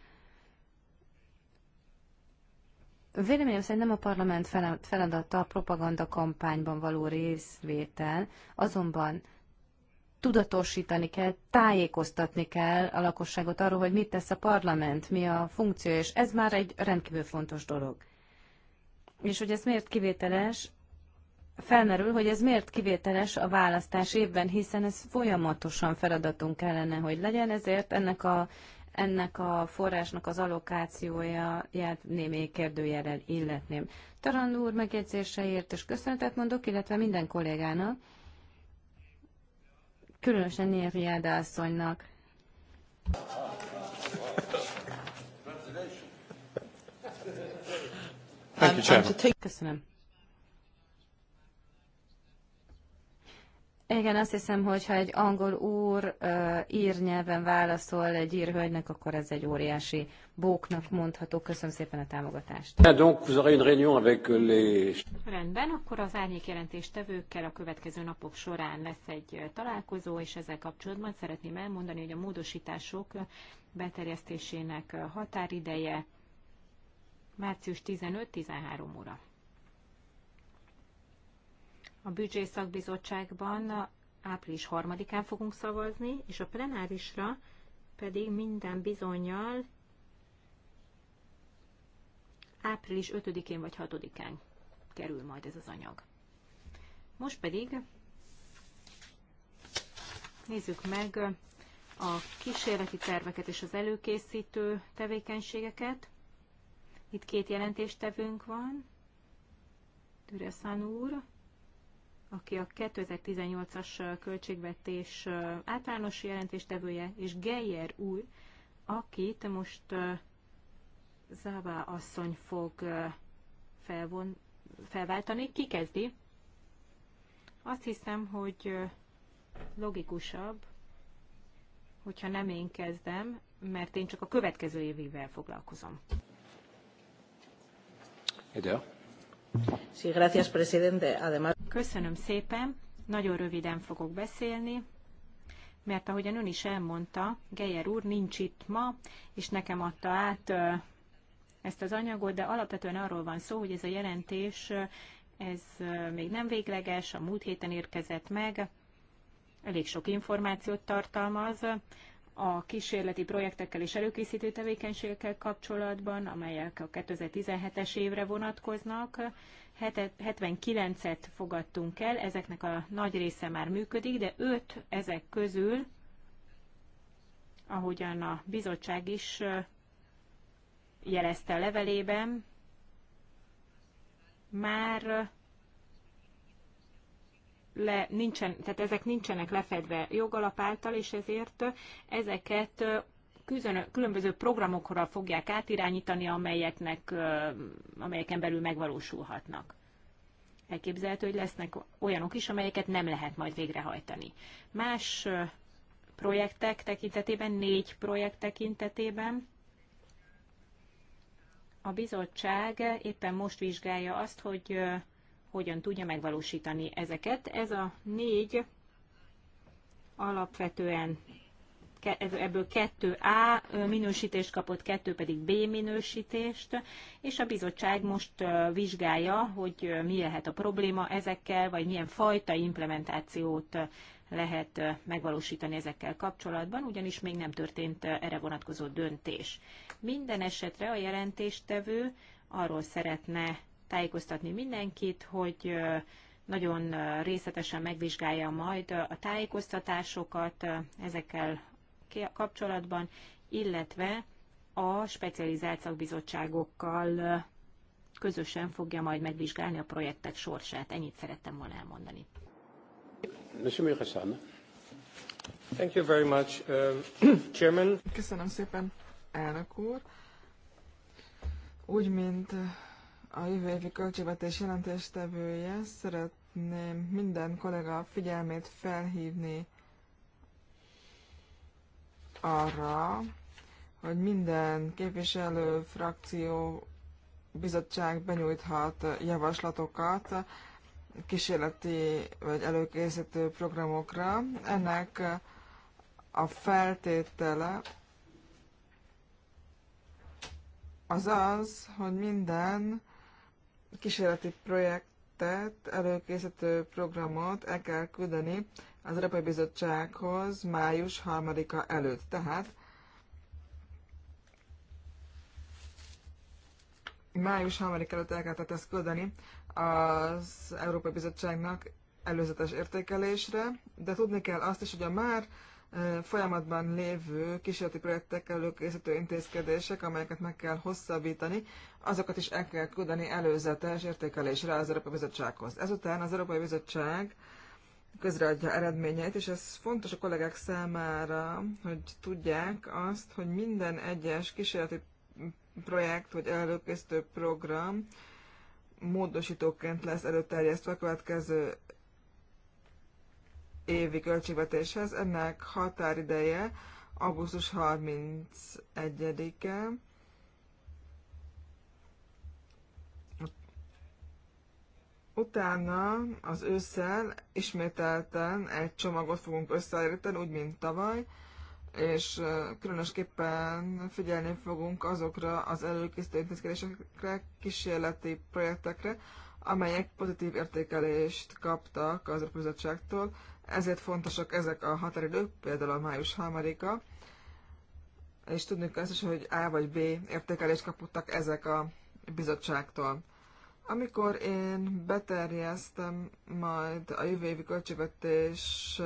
Véleményem szerint nem a parlament feladata a propaganda kampányban való részvétel, azonban tudatosítani kell, tájékoztatni kell a lakosságot arról, hogy mit tesz a parlament, mi a funkció, és ez már egy rendkívül fontos dolog. És hogy ez miért kivételes, felmerül, hogy ez miért kivételes a választás évben, hiszen ez folyamatosan feladatunk kellene, hogy legyen, ezért ennek a, ennek a forrásnak az allokációja ját némi kérdőjelen illetném. Taran úr megjegyzéseért és köszönetet mondok, illetve minden kollégának, különösen Néri asszonynak. Köszönöm. Igen, azt hiszem, hogy ha egy angol úr uh, ír nyelven válaszol egy írhölgynek, akkor ez egy óriási bóknak mondható. Köszönöm szépen a támogatást. Donc, vous aurez une avec euh, les... Rendben, akkor az árnyékjelentéstevőkkel a következő napok során lesz egy találkozó, és ezzel kapcsolatban szeretném elmondani, hogy a módosítások beterjesztésének határideje március 15-13 óra a Büdzsészakbizottságban április 3-án fogunk szavazni, és a plenárisra pedig minden bizonyal április 5-én vagy 6-án kerül majd ez az anyag. Most pedig nézzük meg a kísérleti terveket és az előkészítő tevékenységeket. Itt két jelentéstevőnk van, Türeszán úr, aki a 2018-as költségvetés általános jelentéstevője, és Geyer úr, akit most Zává asszony fog felvon, felváltani. Ki kezdi? Azt hiszem, hogy logikusabb, hogyha nem én kezdem, mert én csak a következő évivel foglalkozom. Edel. Köszönöm szépen. Nagyon röviden fogok beszélni, mert ahogy ön is elmondta, Geyer úr nincs itt ma, és nekem adta át ezt az anyagot, de alapvetően arról van szó, hogy ez a jelentés ez még nem végleges, a múlt héten érkezett meg, elég sok információt tartalmaz, a kísérleti projektekkel és előkészítő tevékenységekkel kapcsolatban, amelyek a 2017-es évre vonatkoznak. 79-et fogadtunk el, ezeknek a nagy része már működik, de 5 ezek közül, ahogyan a bizottság is jelezte a levelében, már le, nincsen, tehát ezek nincsenek lefedve jogalap által, és ezért ezeket különböző programokra fogják átirányítani, amelyeknek, amelyeken belül megvalósulhatnak. Elképzelhető, hogy lesznek olyanok is, amelyeket nem lehet majd végrehajtani. Más projektek tekintetében, négy projekt tekintetében a bizottság éppen most vizsgálja azt, hogy hogyan tudja megvalósítani ezeket. Ez a négy alapvetően ebből kettő A minősítést kapott, kettő pedig B minősítést, és a bizottság most vizsgálja, hogy mi lehet a probléma ezekkel, vagy milyen fajta implementációt lehet megvalósítani ezekkel kapcsolatban, ugyanis még nem történt erre vonatkozó döntés. Minden esetre a jelentéstevő arról szeretne tájékoztatni mindenkit, hogy nagyon részletesen megvizsgálja majd a tájékoztatásokat ezekkel kapcsolatban, illetve a specializált szakbizottságokkal közösen fogja majd megvizsgálni a projektek sorsát. Ennyit szerettem volna elmondani. Thank you very much, uh, Chairman. Köszönöm szépen, elnök úr. Úgy, mint a jövő évi költségvetés jelentéstevője. Szeretném minden kollega figyelmét felhívni arra, hogy minden képviselő, frakció, bizottság benyújthat javaslatokat kísérleti vagy előkészítő programokra. Ennek a feltétele az az, hogy minden kísérleti projektet, előkészítő programot el kell küldeni az Európai Bizottsághoz május 3-a előtt. Tehát május 3 előtt el kell ezt küldeni az Európai Bizottságnak előzetes értékelésre, de tudni kell azt is, hogy a már folyamatban lévő kísérleti projektek előkészítő intézkedések, amelyeket meg kell hosszabbítani, azokat is el kell küldeni előzetes értékelésre az Európai Bizottsághoz. Ezután az Európai Bizottság közreadja eredményeit, és ez fontos a kollégák számára, hogy tudják azt, hogy minden egyes kísérleti projekt vagy előkészítő program módosítóként lesz előterjesztve a következő évi költségvetéshez. Ennek határideje augusztus 31-e. Utána az ősszel ismételten egy csomagot fogunk összeállítani, úgy, mint tavaly, és különösképpen figyelni fogunk azokra az előkészítő intézkedésekre, kísérleti projektekre, amelyek pozitív értékelést kaptak az Bizottságtól, ezért fontosak ezek a határidők, például a május 3-a, és tudni kell is, hogy A vagy B értékelést kapottak ezek a bizottságtól. Amikor én beterjesztem majd a jövő évi költségvetés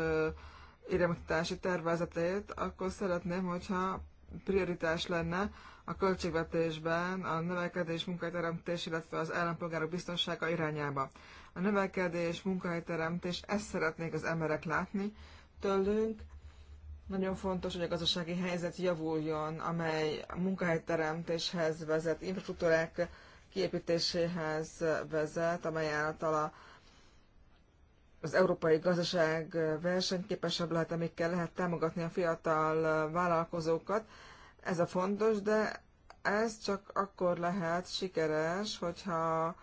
irányítási tervezetét, akkor szeretném, hogyha prioritás lenne a költségvetésben a növekedés, munkateremtés, illetve az állampolgárok biztonsága irányába a növekedés, munkahelyteremtés, ezt szeretnék az emberek látni tőlünk. Nagyon fontos, hogy a gazdasági helyzet javuljon, amely a munkahelyteremtéshez vezet, infrastruktúrák kiépítéséhez vezet, amely által a az európai gazdaság versenyképesebb lehet, amikkel lehet támogatni a fiatal vállalkozókat. Ez a fontos, de ez csak akkor lehet sikeres, hogyha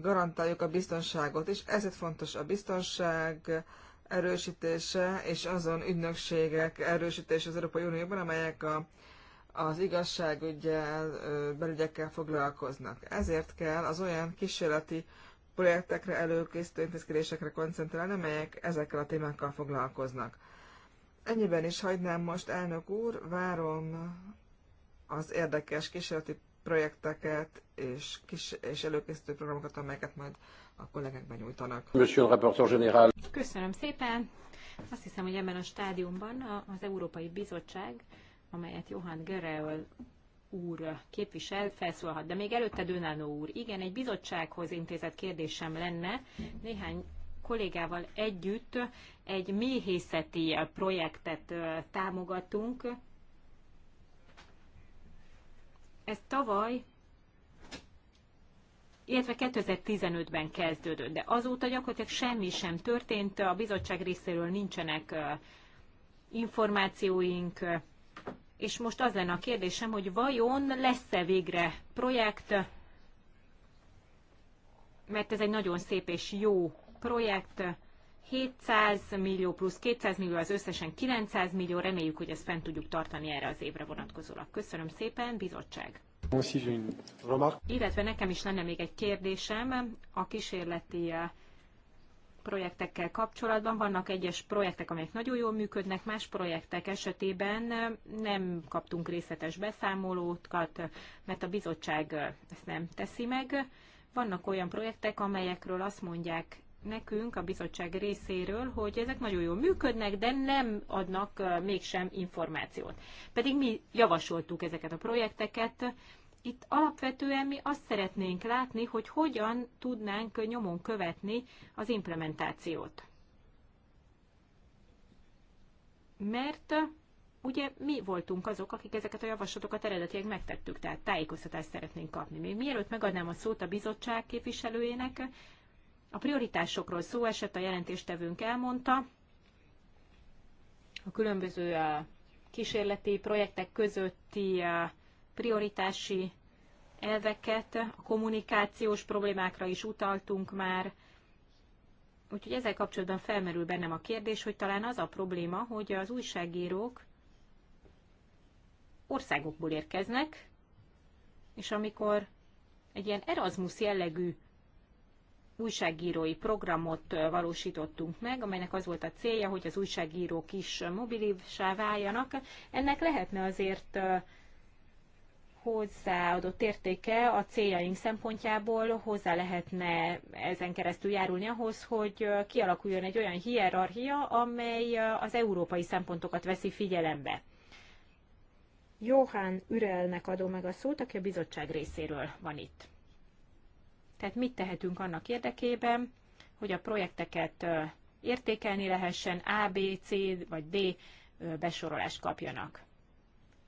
garantáljuk a biztonságot, és ezért fontos a biztonság erősítése és azon ügynökségek erősítése az Európai Unióban, amelyek a, az igazságügyel, belügyekkel foglalkoznak. Ezért kell az olyan kísérleti projektekre, előkészítő intézkedésekre koncentrálni, amelyek ezekkel a témákkal foglalkoznak. Ennyiben is hagynám most, elnök úr, várom az érdekes kísérleti projekteket és, kis, és előkészítő programokat, amelyeket majd a kollégák benyújtanak. Monsieur rapporteur général. Köszönöm szépen. Azt hiszem, hogy ebben a stádiumban az Európai Bizottság, amelyet Johann Gerel úr képvisel, felszólhat. De még előtte Dönánó úr, igen, egy bizottsághoz intézett kérdésem lenne. Néhány kollégával együtt egy méhészeti projektet támogatunk, ez tavaly, illetve 2015-ben kezdődött, de azóta gyakorlatilag semmi sem történt, a bizottság részéről nincsenek információink, és most az lenne a kérdésem, hogy vajon lesz-e végre projekt, mert ez egy nagyon szép és jó projekt, 700 millió plusz 200 millió, az összesen 900 millió, reméljük, hogy ezt fent tudjuk tartani erre az évre vonatkozólag. Köszönöm szépen, bizottság! Illetve nekem is lenne még egy kérdésem a kísérleti eh, projektekkel kapcsolatban. Vannak egyes projektek, amelyek nagyon jól működnek, más projektek esetében eh, nem kaptunk részletes beszámolókat, eh, mert a bizottság ezt nem teszi meg. Vannak olyan projektek, amelyekről azt mondják nekünk a bizottság részéről, hogy ezek nagyon jól működnek, de nem adnak mégsem információt. Pedig mi javasoltuk ezeket a projekteket. Itt alapvetően mi azt szeretnénk látni, hogy hogyan tudnánk nyomon követni az implementációt. Mert ugye mi voltunk azok, akik ezeket a javaslatokat eredetileg megtettük, tehát tájékoztatást szeretnénk kapni. Még mielőtt megadnám a szót a bizottság képviselőjének, a prioritásokról szó esett, a jelentéstevőnk elmondta, a különböző eh, kísérleti projektek közötti eh, prioritási elveket, a kommunikációs problémákra is utaltunk már, Úgyhogy ezzel kapcsolatban felmerül bennem a kérdés, hogy talán az a probléma, hogy az újságírók országokból érkeznek, és amikor egy ilyen Erasmus jellegű újságírói programot valósítottunk meg, amelynek az volt a célja, hogy az újságírók is mobilissá váljanak. Ennek lehetne azért hozzáadott értéke a céljaink szempontjából hozzá lehetne ezen keresztül járulni ahhoz, hogy kialakuljon egy olyan hierarchia, amely az európai szempontokat veszi figyelembe. Johan Ürelnek adom meg a szót, aki a bizottság részéről van itt. Tehát mit tehetünk annak érdekében, hogy a projekteket értékelni lehessen, A, B, C vagy D besorolást kapjanak.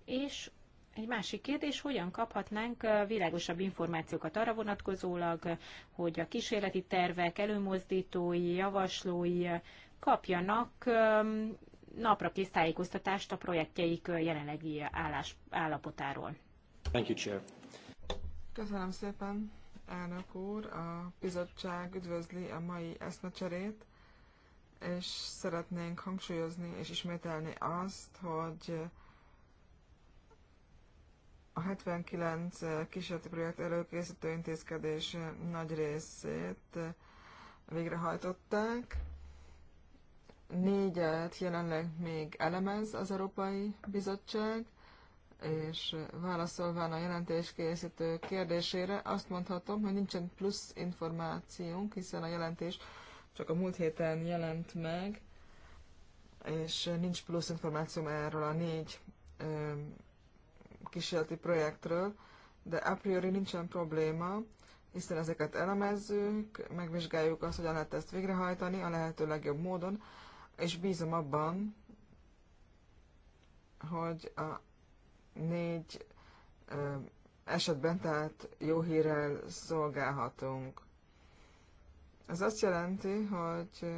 És egy másik kérdés, hogyan kaphatnánk világosabb információkat arra vonatkozólag, hogy a kísérleti tervek, előmozdítói, javaslói kapjanak naprakész tájékoztatást a projektjeik jelenlegi állás, állapotáról. Thank you, Chair. Köszönöm szépen elnök úr, a bizottság üdvözli a mai eszmecserét, és szeretnénk hangsúlyozni és ismételni azt, hogy a 79 kísérleti projekt előkészítő intézkedés nagy részét végrehajtották. Négyet jelenleg még elemez az Európai Bizottság, és válaszolva a jelentés készítő kérdésére, azt mondhatom, hogy nincsen plusz információnk, hiszen a jelentés csak a múlt héten jelent meg, és nincs plusz információm erről a négy ö, kísérleti projektről, de a priori nincsen probléma, hiszen ezeket elemezzük, megvizsgáljuk azt, hogyan lehet ezt végrehajtani a lehető legjobb módon, és bízom abban, hogy a négy esetben, tehát jó hírrel szolgálhatunk. Ez azt jelenti, hogy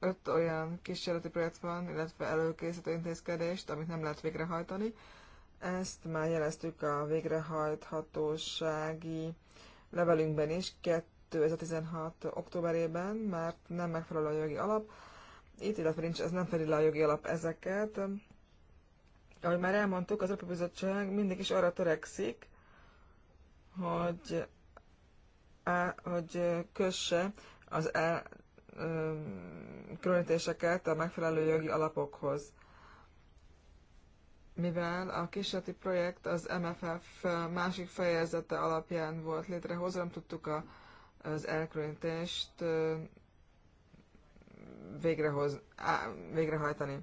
öt olyan kísérleti projekt van, illetve előkészítő intézkedést, amit nem lehet végrehajtani. Ezt már jeleztük a végrehajthatósági levelünkben is 2016. októberében, mert nem megfelelő a jogi alap. Itt, illetve nincs, ez nem fedi le a jogi alap ezeket ahogy már elmondtuk, az Európai Bizottság mindig is arra törekszik, hogy, á, hogy kösse az el, különítéseket a megfelelő jogi alapokhoz. Mivel a kísérleti projekt az MFF másik fejezete alapján volt létrehozva, nem tudtuk a, az elkülönítést végrehoz, á, végrehajtani.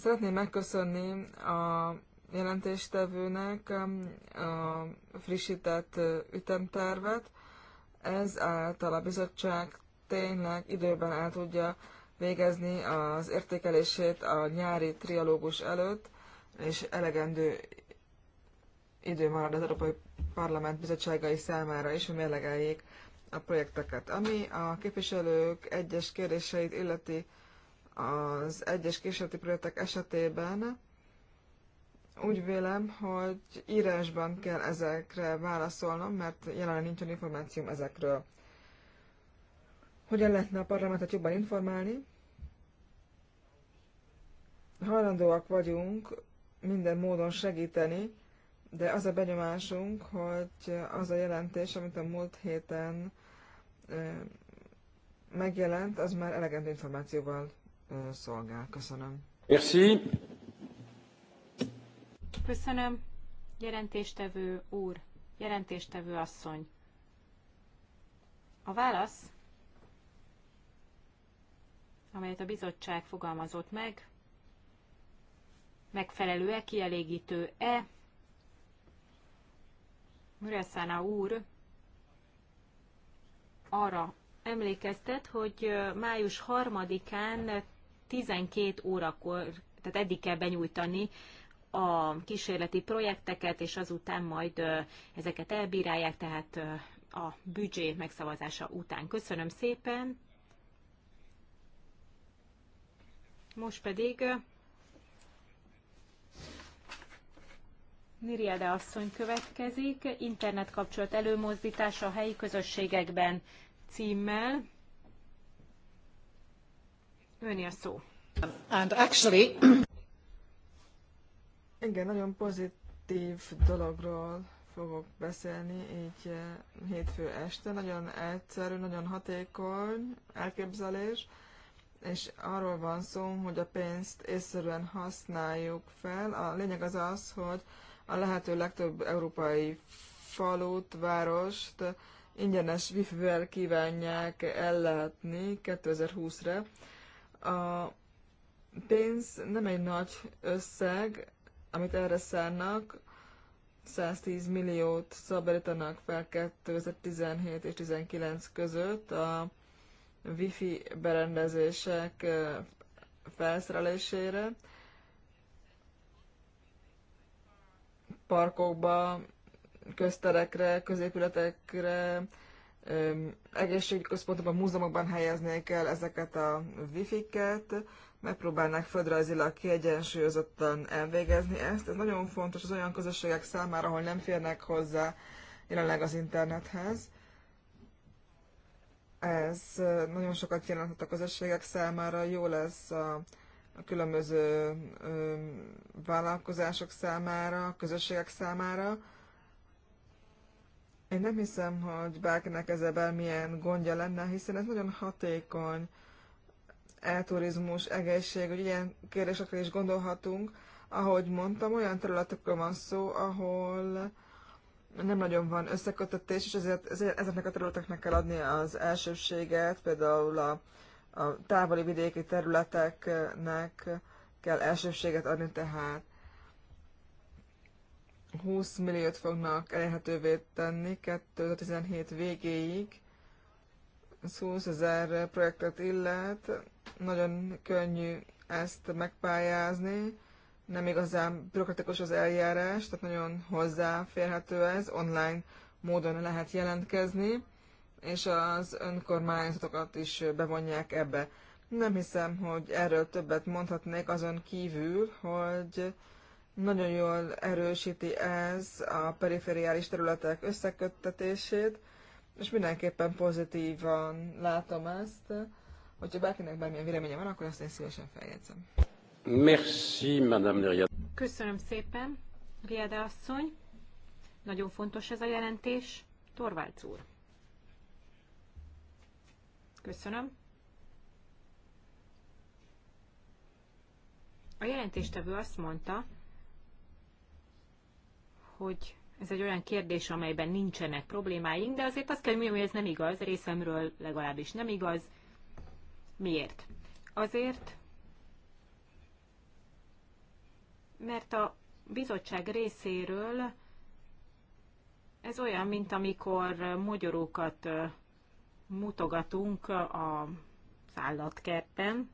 Szeretném megköszönni a jelentéstevőnek um, a frissített ütemtervet. Ez által a bizottság tényleg időben el tudja végezni az értékelését a nyári trialógus előtt, és elegendő idő marad az Európai Parlament bizottságai számára is, hogy mérlegeljék a projekteket. Ami a képviselők egyes kérdéseit illeti, az egyes kísérleti projektek esetében úgy vélem, hogy írásban kell ezekre válaszolnom, mert jelenleg nincsen információm ezekről. Hogyan lehetne a parlamentet jobban informálni? Hajlandóak vagyunk minden módon segíteni, de az a benyomásunk, hogy az a jelentés, amit a múlt héten megjelent, az már elegendő információval szolgál. Köszönöm. Merci. Köszönöm. Jelentéstevő úr, jelentéstevő asszony. A válasz, amelyet a bizottság fogalmazott meg, megfelelő-e, kielégítő-e, Müreszana úr arra emlékeztet, hogy május harmadikán 12 órakor, tehát eddig kell benyújtani a kísérleti projekteket, és azután majd ezeket elbírálják, tehát a büdzsé megszavazása után. Köszönöm szépen! Most pedig Niriade asszony következik, internetkapcsolat előmozdítása a helyi közösségekben címmel. Öni a szó. And actually... Igen, nagyon pozitív dologról fogok beszélni így eh, hétfő este. Nagyon egyszerű, nagyon hatékony elképzelés, és arról van szó, hogy a pénzt észszerűen használjuk fel. A lényeg az az, hogy a lehető legtöbb európai falut, várost ingyenes wifi-vel kívánják ellátni 2020-re, a pénz nem egy nagy összeg, amit erre szánnak, 110 milliót szabadítanak fel 2017 és 2019 között a wifi berendezések felszerelésére, parkokba, közterekre, középületekre, egészségügyi központokban, múzeumokban helyeznék el ezeket a wifi-ket, megpróbálnák földrajzilag kiegyensúlyozottan elvégezni ezt. Ez nagyon fontos az olyan közösségek számára, ahol nem férnek hozzá jelenleg az internethez. Ez nagyon sokat jelenthet a közösségek számára, jó lesz a a különböző ö, vállalkozások számára, a közösségek számára, én nem hiszem, hogy bárkinek ezzel bármilyen gondja lenne, hiszen ez nagyon hatékony elturizmus, hogy ilyen kérdésekre is gondolhatunk. Ahogy mondtam, olyan területekről van szó, ahol nem nagyon van összekötetés, és ezért, ezért ezeknek a területeknek kell adni az elsőséget, például a, a távoli vidéki területeknek kell elsőséget adni, tehát 20 milliót fognak elérhetővé tenni 2017 végéig. Ez 20 ezer projektet illet, nagyon könnyű ezt megpályázni, nem igazán bürokratikus az eljárás, tehát nagyon hozzáférhető ez, online módon lehet jelentkezni, és az önkormányzatokat is bevonják ebbe. Nem hiszem, hogy erről többet mondhatnék azon kívül, hogy nagyon jól erősíti ez a perifériális területek összeköttetését, és mindenképpen pozitívan látom ezt. Hogyha bárkinek bármilyen véleménye van, akkor azt én szívesen feljegyzem. Merci, Madame Riada. Köszönöm szépen, Riede asszony. Nagyon fontos ez a jelentés. Torvalds úr. Köszönöm. A jelentéstevő azt mondta, hogy ez egy olyan kérdés, amelyben nincsenek problémáink, de azért azt kell mondjam, hogy ez nem igaz, részemről legalábbis nem igaz. Miért? Azért, mert a bizottság részéről ez olyan, mint amikor magyarókat mutogatunk a állatkertben,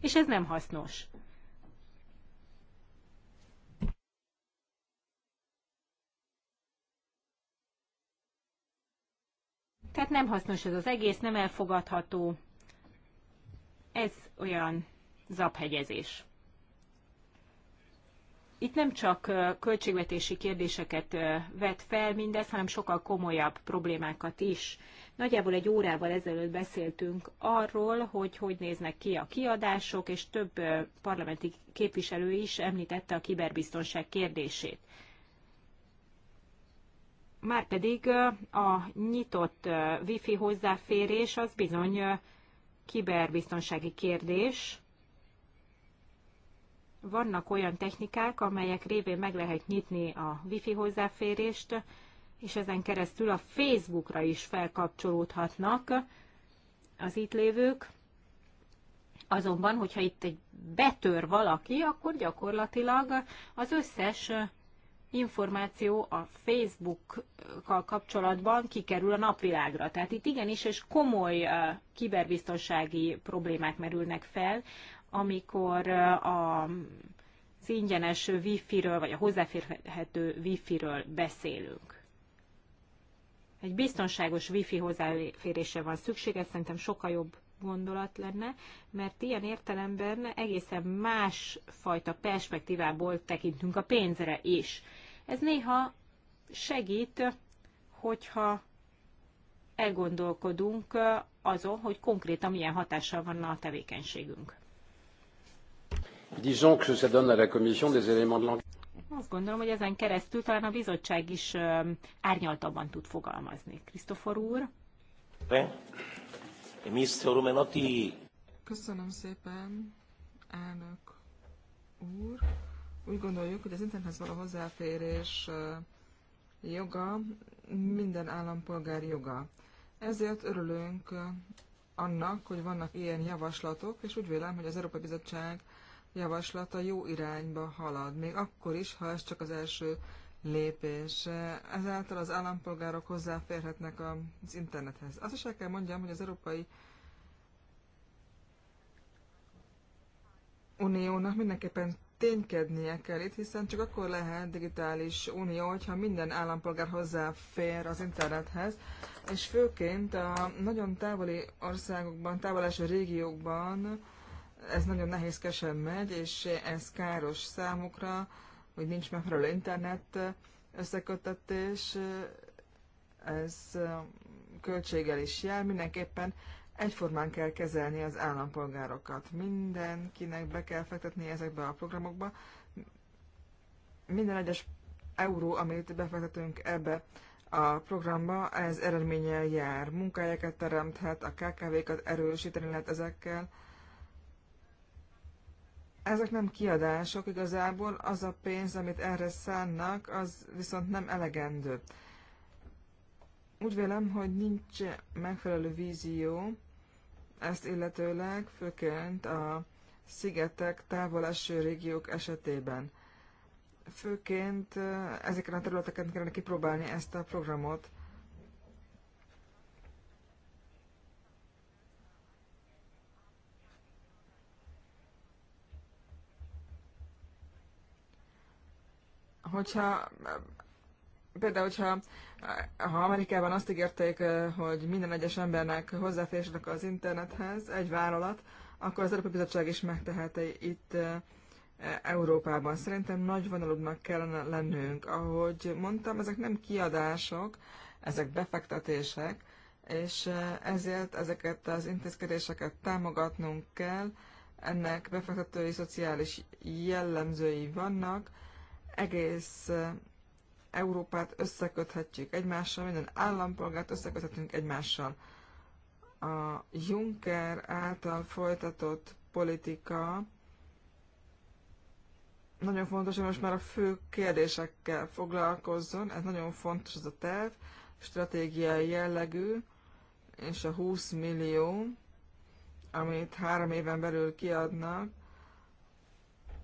és ez nem hasznos. Tehát nem hasznos ez az egész, nem elfogadható. Ez olyan zaphegyezés. Itt nem csak költségvetési kérdéseket vet fel mindez, hanem sokkal komolyabb problémákat is. Nagyjából egy órával ezelőtt beszéltünk arról, hogy hogy néznek ki a kiadások, és több parlamenti képviselő is említette a kiberbiztonság kérdését. Márpedig a nyitott wifi hozzáférés az bizony kiberbiztonsági kérdés. Vannak olyan technikák, amelyek révén meg lehet nyitni a wifi hozzáférést, és ezen keresztül a Facebookra is felkapcsolódhatnak az itt lévők. Azonban, hogyha itt egy betör valaki, akkor gyakorlatilag az összes információ a Facebookkal kapcsolatban kikerül a napvilágra. Tehát itt igenis, és komoly kiberbiztonsági problémák merülnek fel, amikor a az ingyenes wifi-ről, vagy a hozzáférhető wifi-ről beszélünk. Egy biztonságos wifi hozzáférésre van szükség, ez szerintem sokkal jobb gondolat lenne, mert ilyen értelemben egészen más fajta perspektívából tekintünk a pénzre is. Ez néha segít, hogyha elgondolkodunk azon, hogy konkrétan milyen hatással van a tevékenységünk. Disons que ça donne à la Commission des éléments de Azt gondolom, hogy ezen keresztül talán a bizottság is árnyaltabban tud fogalmazni. Krisztofor úr? E Köszönöm szépen, elnök úr úgy gondoljuk, hogy az internethez való hozzáférés joga minden állampolgár joga. Ezért örülünk annak, hogy vannak ilyen javaslatok, és úgy vélem, hogy az Európai Bizottság javaslata jó irányba halad, még akkor is, ha ez csak az első lépés. Ezáltal az állampolgárok hozzáférhetnek az internethez. Azt is el kell mondjam, hogy az Európai Uniónak mindenképpen ténykednie kell itt, hiszen csak akkor lehet digitális unió, hogyha minden állampolgár hozzáfér az internethez, és főként a nagyon távoli országokban, távol eső régiókban ez nagyon nehézkesen megy, és ez káros számukra, hogy nincs megfelelő internet összeköttetés, ez költséggel is jár, mindenképpen egyformán kell kezelni az állampolgárokat. Mindenkinek be kell fektetni ezekbe a programokba. Minden egyes euró, amit befektetünk ebbe a programba, ez eredménnyel jár. Munkahelyeket teremthet, a KKV-kat erősíteni lehet ezekkel. Ezek nem kiadások igazából, az a pénz, amit erre szánnak, az viszont nem elegendő. Úgy vélem, hogy nincs megfelelő vízió ezt illetőleg, főként a szigetek, távol eső régiók esetében. Főként ezeken a területeken kellene kipróbálni ezt a programot. Hogyha például, hogyha ha Amerikában azt ígérték, hogy minden egyes embernek hozzáférésnek az internethez, egy vállalat, akkor az Európai Bizottság is megteheti itt e, Európában. Szerintem nagy vonalúbbnak kellene lennünk. Ahogy mondtam, ezek nem kiadások, ezek befektetések, és ezért ezeket az intézkedéseket támogatnunk kell, ennek befektetői szociális jellemzői vannak, egész Európát összeköthetjük egymással, minden állampolgárt összeköthetünk egymással. A Juncker által folytatott politika nagyon fontos, hogy most már a fő kérdésekkel foglalkozzon, ez nagyon fontos ez a terv, stratégiai jellegű, és a 20 millió, amit három éven belül kiadnak,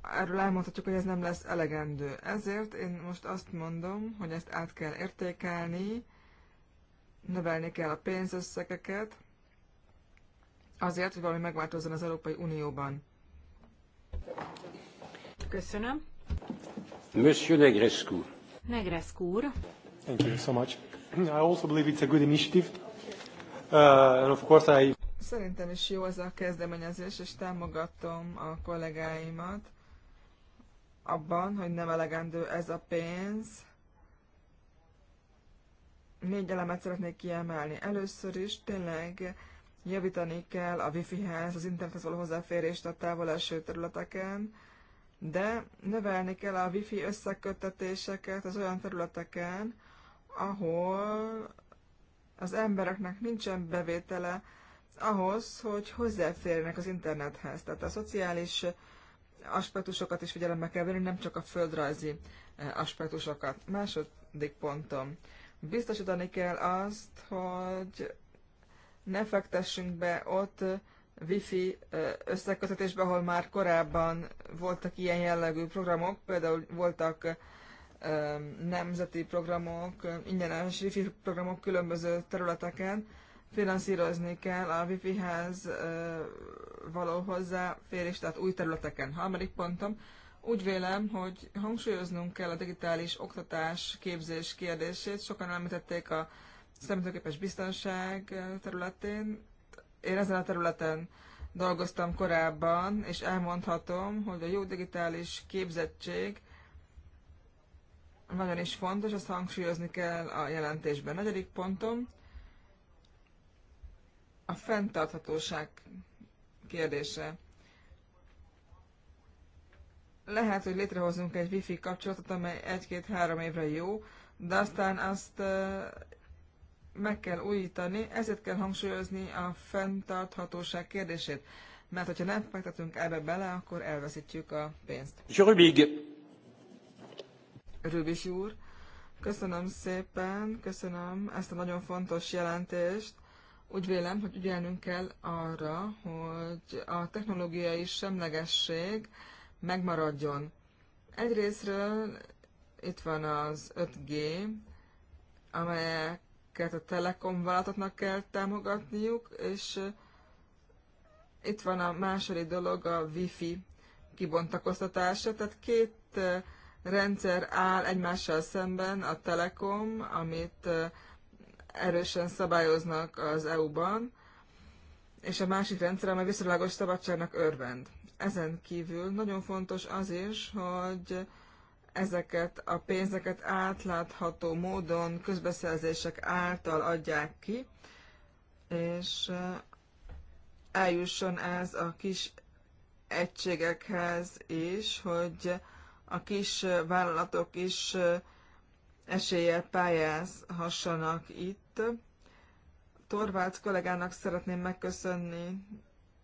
erről elmondhatjuk, hogy ez nem lesz elegendő. Ezért én most azt mondom, hogy ezt át kell értékelni, növelni kell a pénzösszegeket, azért, hogy valami megváltozzon az Európai Unióban. Köszönöm. Monsieur Negrescu. Negrescu úr. Thank you so much. I also believe it's a good initiative. Uh, and of course I... Szerintem is jó ez a kezdeményezés, és támogatom a kollégáimat abban, hogy nem elegendő ez a pénz. Négy elemet szeretnék kiemelni. Először is tényleg javítani kell a wifi-hez, az internethez való hozzáférést a távol eső területeken, de növelni kell a wifi összeköttetéseket az olyan területeken, ahol az embereknek nincsen bevétele ahhoz, hogy hozzáférjenek az internethez. Tehát a szociális aspektusokat is figyelembe kell venni, nem csak a földrajzi eh, aspektusokat. Második pontom. Biztosítani kell azt, hogy ne fektessünk be ott eh, wifi eh, összekötetésbe, ahol már korábban voltak ilyen jellegű programok, például voltak nemzeti programok, ingyenes wifi programok különböző területeken, finanszírozni kell a Wi-Fi-hez való hozzáférés, tehát új területeken. Harmadik pontom, úgy vélem, hogy hangsúlyoznunk kell a digitális oktatás képzés kérdését. Sokan említették a számítógépes biztonság területén. Én ezen a területen dolgoztam korábban, és elmondhatom, hogy a jó digitális képzettség nagyon is fontos, ezt hangsúlyozni kell a jelentésben. Negyedik pontom, a fenntarthatóság kérdése. Lehet, hogy létrehozunk egy wifi kapcsolatot, amely egy-két-három évre jó, de aztán azt meg kell újítani, ezért kell hangsúlyozni a fenntarthatóság kérdését, mert hogyha nem fektetünk ebbe bele, akkor elveszítjük a pénzt. Rubig. Rubis úr, köszönöm szépen, köszönöm ezt a nagyon fontos jelentést. Úgy vélem, hogy ügyelnünk kell arra, hogy a technológiai semlegesség megmaradjon. Egyrésztről itt van az 5G, amelyeket a telekom vállalatoknak kell támogatniuk, és itt van a második dolog, a Wi-Fi kibontakoztatása, tehát két rendszer áll egymással szemben, a Telekom, amit erősen szabályoznak az EU-ban, és a másik rendszer, amely viszonylagos szabadságnak örvend. Ezen kívül nagyon fontos az is, hogy ezeket a pénzeket átlátható módon közbeszerzések által adják ki, és eh, eljusson ez a kis egységekhez is, hogy a kis vállalatok is eh, eséllyel pályázhassanak itt. Torvalds kollégának szeretném megköszönni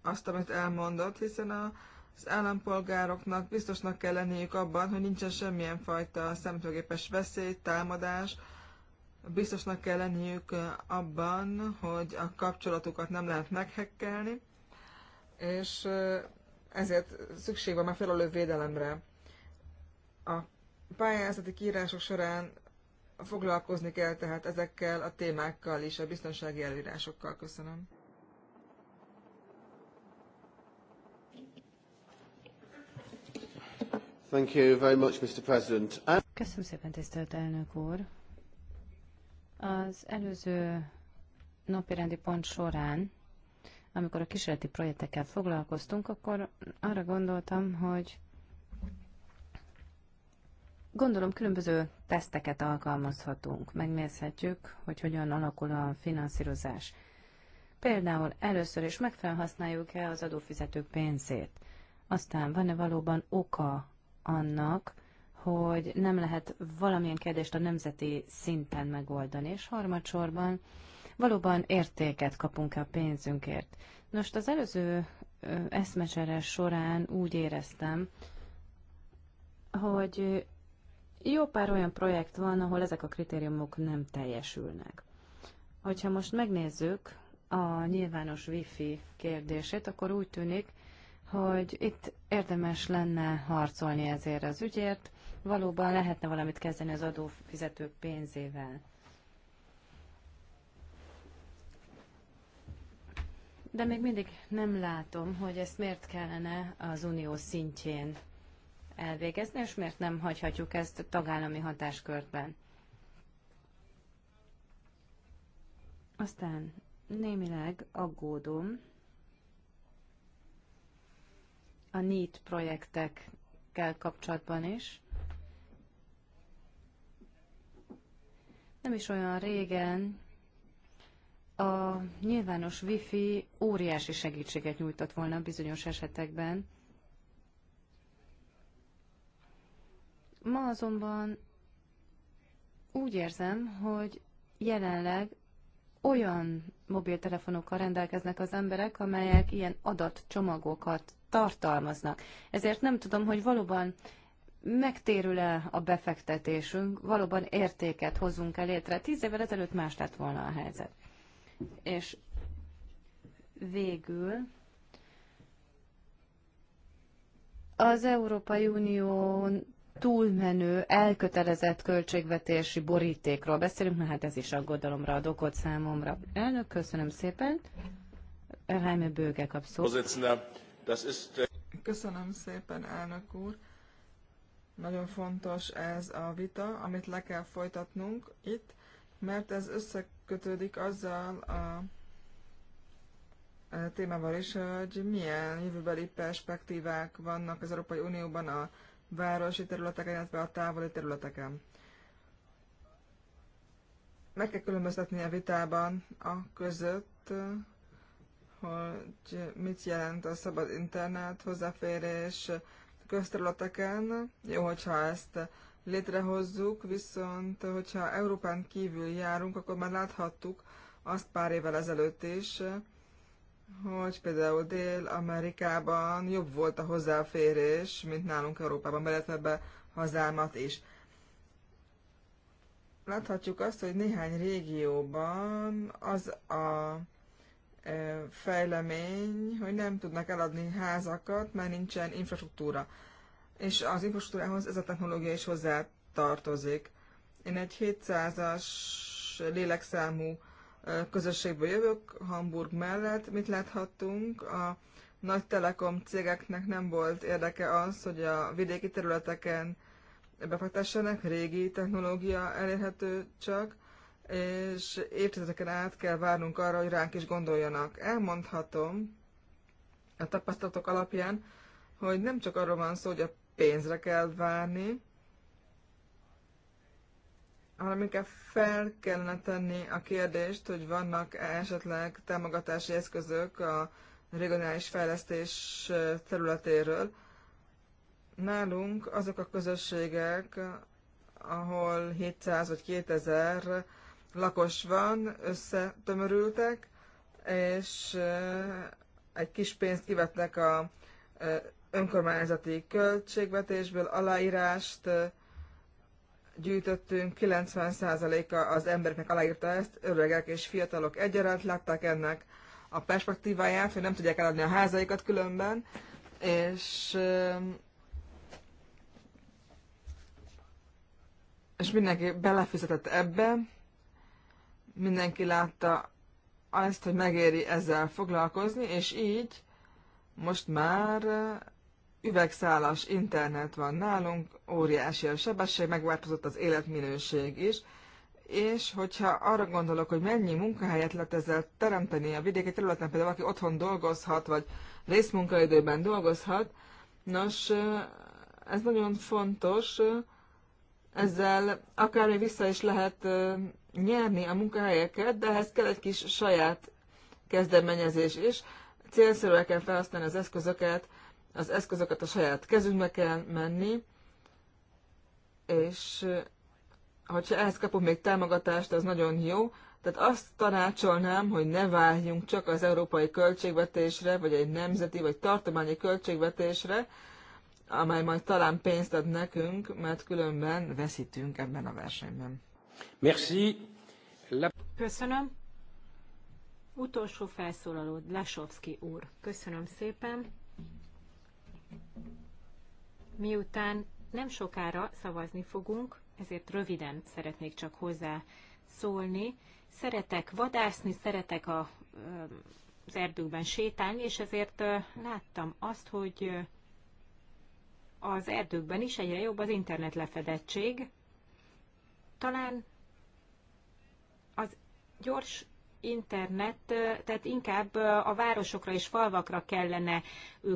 azt, amit elmondott, hiszen a, az állampolgároknak biztosnak kell lenniük abban, hogy nincsen semmilyen fajta szemtőgépes veszély, támadás, biztosnak kell lenniük abban, hogy a kapcsolatukat nem lehet meghekkelni, és eh, ezért szükség van felelő védelemre. A pályázati kiírások során foglalkozni kell tehát ezekkel a témákkal is, a biztonsági előírásokkal. Köszönöm. Thank you very much, Mr. President. Köszönöm szépen, tisztelt elnök úr. Az előző napirendi pont során, amikor a kísérleti projektekkel foglalkoztunk, akkor arra gondoltam, hogy Gondolom különböző teszteket alkalmazhatunk, megnézhetjük, hogy hogyan alakul a finanszírozás. Például először is megfelhasználjuk-e az adófizetők pénzét. Aztán van-e valóban oka annak, hogy nem lehet valamilyen kérdést a nemzeti szinten megoldani, és harmadsorban valóban értéket kapunk-e a pénzünkért. Most az előző eszmecsere során úgy éreztem, hogy jó pár olyan projekt van, ahol ezek a kritériumok nem teljesülnek. Hogyha most megnézzük a nyilvános wifi kérdését, akkor úgy tűnik, hogy itt érdemes lenne harcolni ezért az ügyért, valóban lehetne valamit kezdeni az adófizetők pénzével. De még mindig nem látom, hogy ezt miért kellene az unió szintjén elvégezni, és miért nem hagyhatjuk ezt a tagállami hatáskörben. Aztán némileg aggódom a NEET projektekkel kapcsolatban is. Nem is olyan régen a nyilvános wifi óriási segítséget nyújtott volna bizonyos esetekben, Ma azonban úgy érzem, hogy jelenleg olyan mobiltelefonokkal rendelkeznek az emberek, amelyek ilyen adatcsomagokat tartalmaznak. Ezért nem tudom, hogy valóban megtérül-e a befektetésünk, valóban értéket hozunk el létre. Tíz évvel ezelőtt más lett volna a helyzet. És végül az Európai Unión túlmenő, elkötelezett költségvetési borítékról beszélünk, mert hát ez is aggodalomra ad okot számomra. Elnök, köszönöm szépen. Rájme Bőge kap szó. Köszönöm szépen, elnök úr. Nagyon fontos ez a vita, amit le kell folytatnunk itt, mert ez összekötődik azzal a témával is, hogy milyen jövőbeli perspektívák vannak az Európai Unióban a városi területeken, illetve a távoli területeken. Meg kell különböztetni a vitában a között, hogy mit jelent a szabad internet hozzáférés közterületeken. Jó, hogyha ezt létrehozzuk, viszont hogyha Európán kívül járunk, akkor már láthattuk azt pár évvel ezelőtt is, hogy például Dél-Amerikában jobb volt a hozzáférés, mint nálunk Európában, beletve be hazámat is. Láthatjuk azt, hogy néhány régióban az a e, fejlemény, hogy nem tudnak eladni házakat, mert nincsen infrastruktúra. És az infrastruktúrához ez a technológia is hozzá tartozik. Én egy 700-as lélekszámú közösségből jövök, Hamburg mellett. Mit láthattunk? A nagy telekom cégeknek nem volt érdeke az, hogy a vidéki területeken befektessenek, régi technológia elérhető csak, és évtizedeken át kell várnunk arra, hogy ránk is gondoljanak. Elmondhatom a tapasztalatok alapján, hogy nem csak arról van szó, hogy a pénzre kell várni, hanem inkább fel kellene tenni a kérdést, hogy vannak -e esetleg támogatási eszközök a regionális fejlesztés területéről. Nálunk azok a közösségek, ahol 700 vagy 2000 lakos van, összetömörültek, és egy kis pénzt kivetnek a önkormányzati költségvetésből, aláírást gyűjtöttünk, 90%-a az embereknek aláírta ezt, öregek és fiatalok egyaránt látták ennek a perspektíváját, hogy nem tudják eladni a házaikat különben, és és mindenki belefizetett ebbe, mindenki látta azt, hogy megéri ezzel foglalkozni, és így most már üvegszálas internet van nálunk, óriási a sebesség, megváltozott az életminőség is, és hogyha arra gondolok, hogy mennyi munkahelyet lehet ezzel teremteni a vidéki területen, például aki otthon dolgozhat, vagy részmunkaidőben dolgozhat, nos, ez nagyon fontos, ezzel akár még vissza is lehet nyerni a munkahelyeket, de ehhez kell egy kis saját kezdeményezés is. Célszerűen kell felhasználni az eszközöket, az eszközöket a saját kezünkbe kell menni, és hogyha ehhez kapunk még támogatást, az nagyon jó. Tehát azt tanácsolnám, hogy ne várjunk csak az európai költségvetésre, vagy egy nemzeti, vagy tartományi költségvetésre, amely majd talán pénzt ad nekünk, mert különben veszítünk ebben a versenyben. Merci. La... Köszönöm. Utolsó felszólaló, Lesovski úr. Köszönöm szépen. Miután nem sokára szavazni fogunk, ezért röviden szeretnék csak hozzá szólni. Szeretek vadászni, szeretek a, az erdőkben sétálni, és ezért láttam azt, hogy az erdőkben is egyre jobb az internet lefedettség. Talán az gyors internet, tehát inkább a városokra és falvakra kellene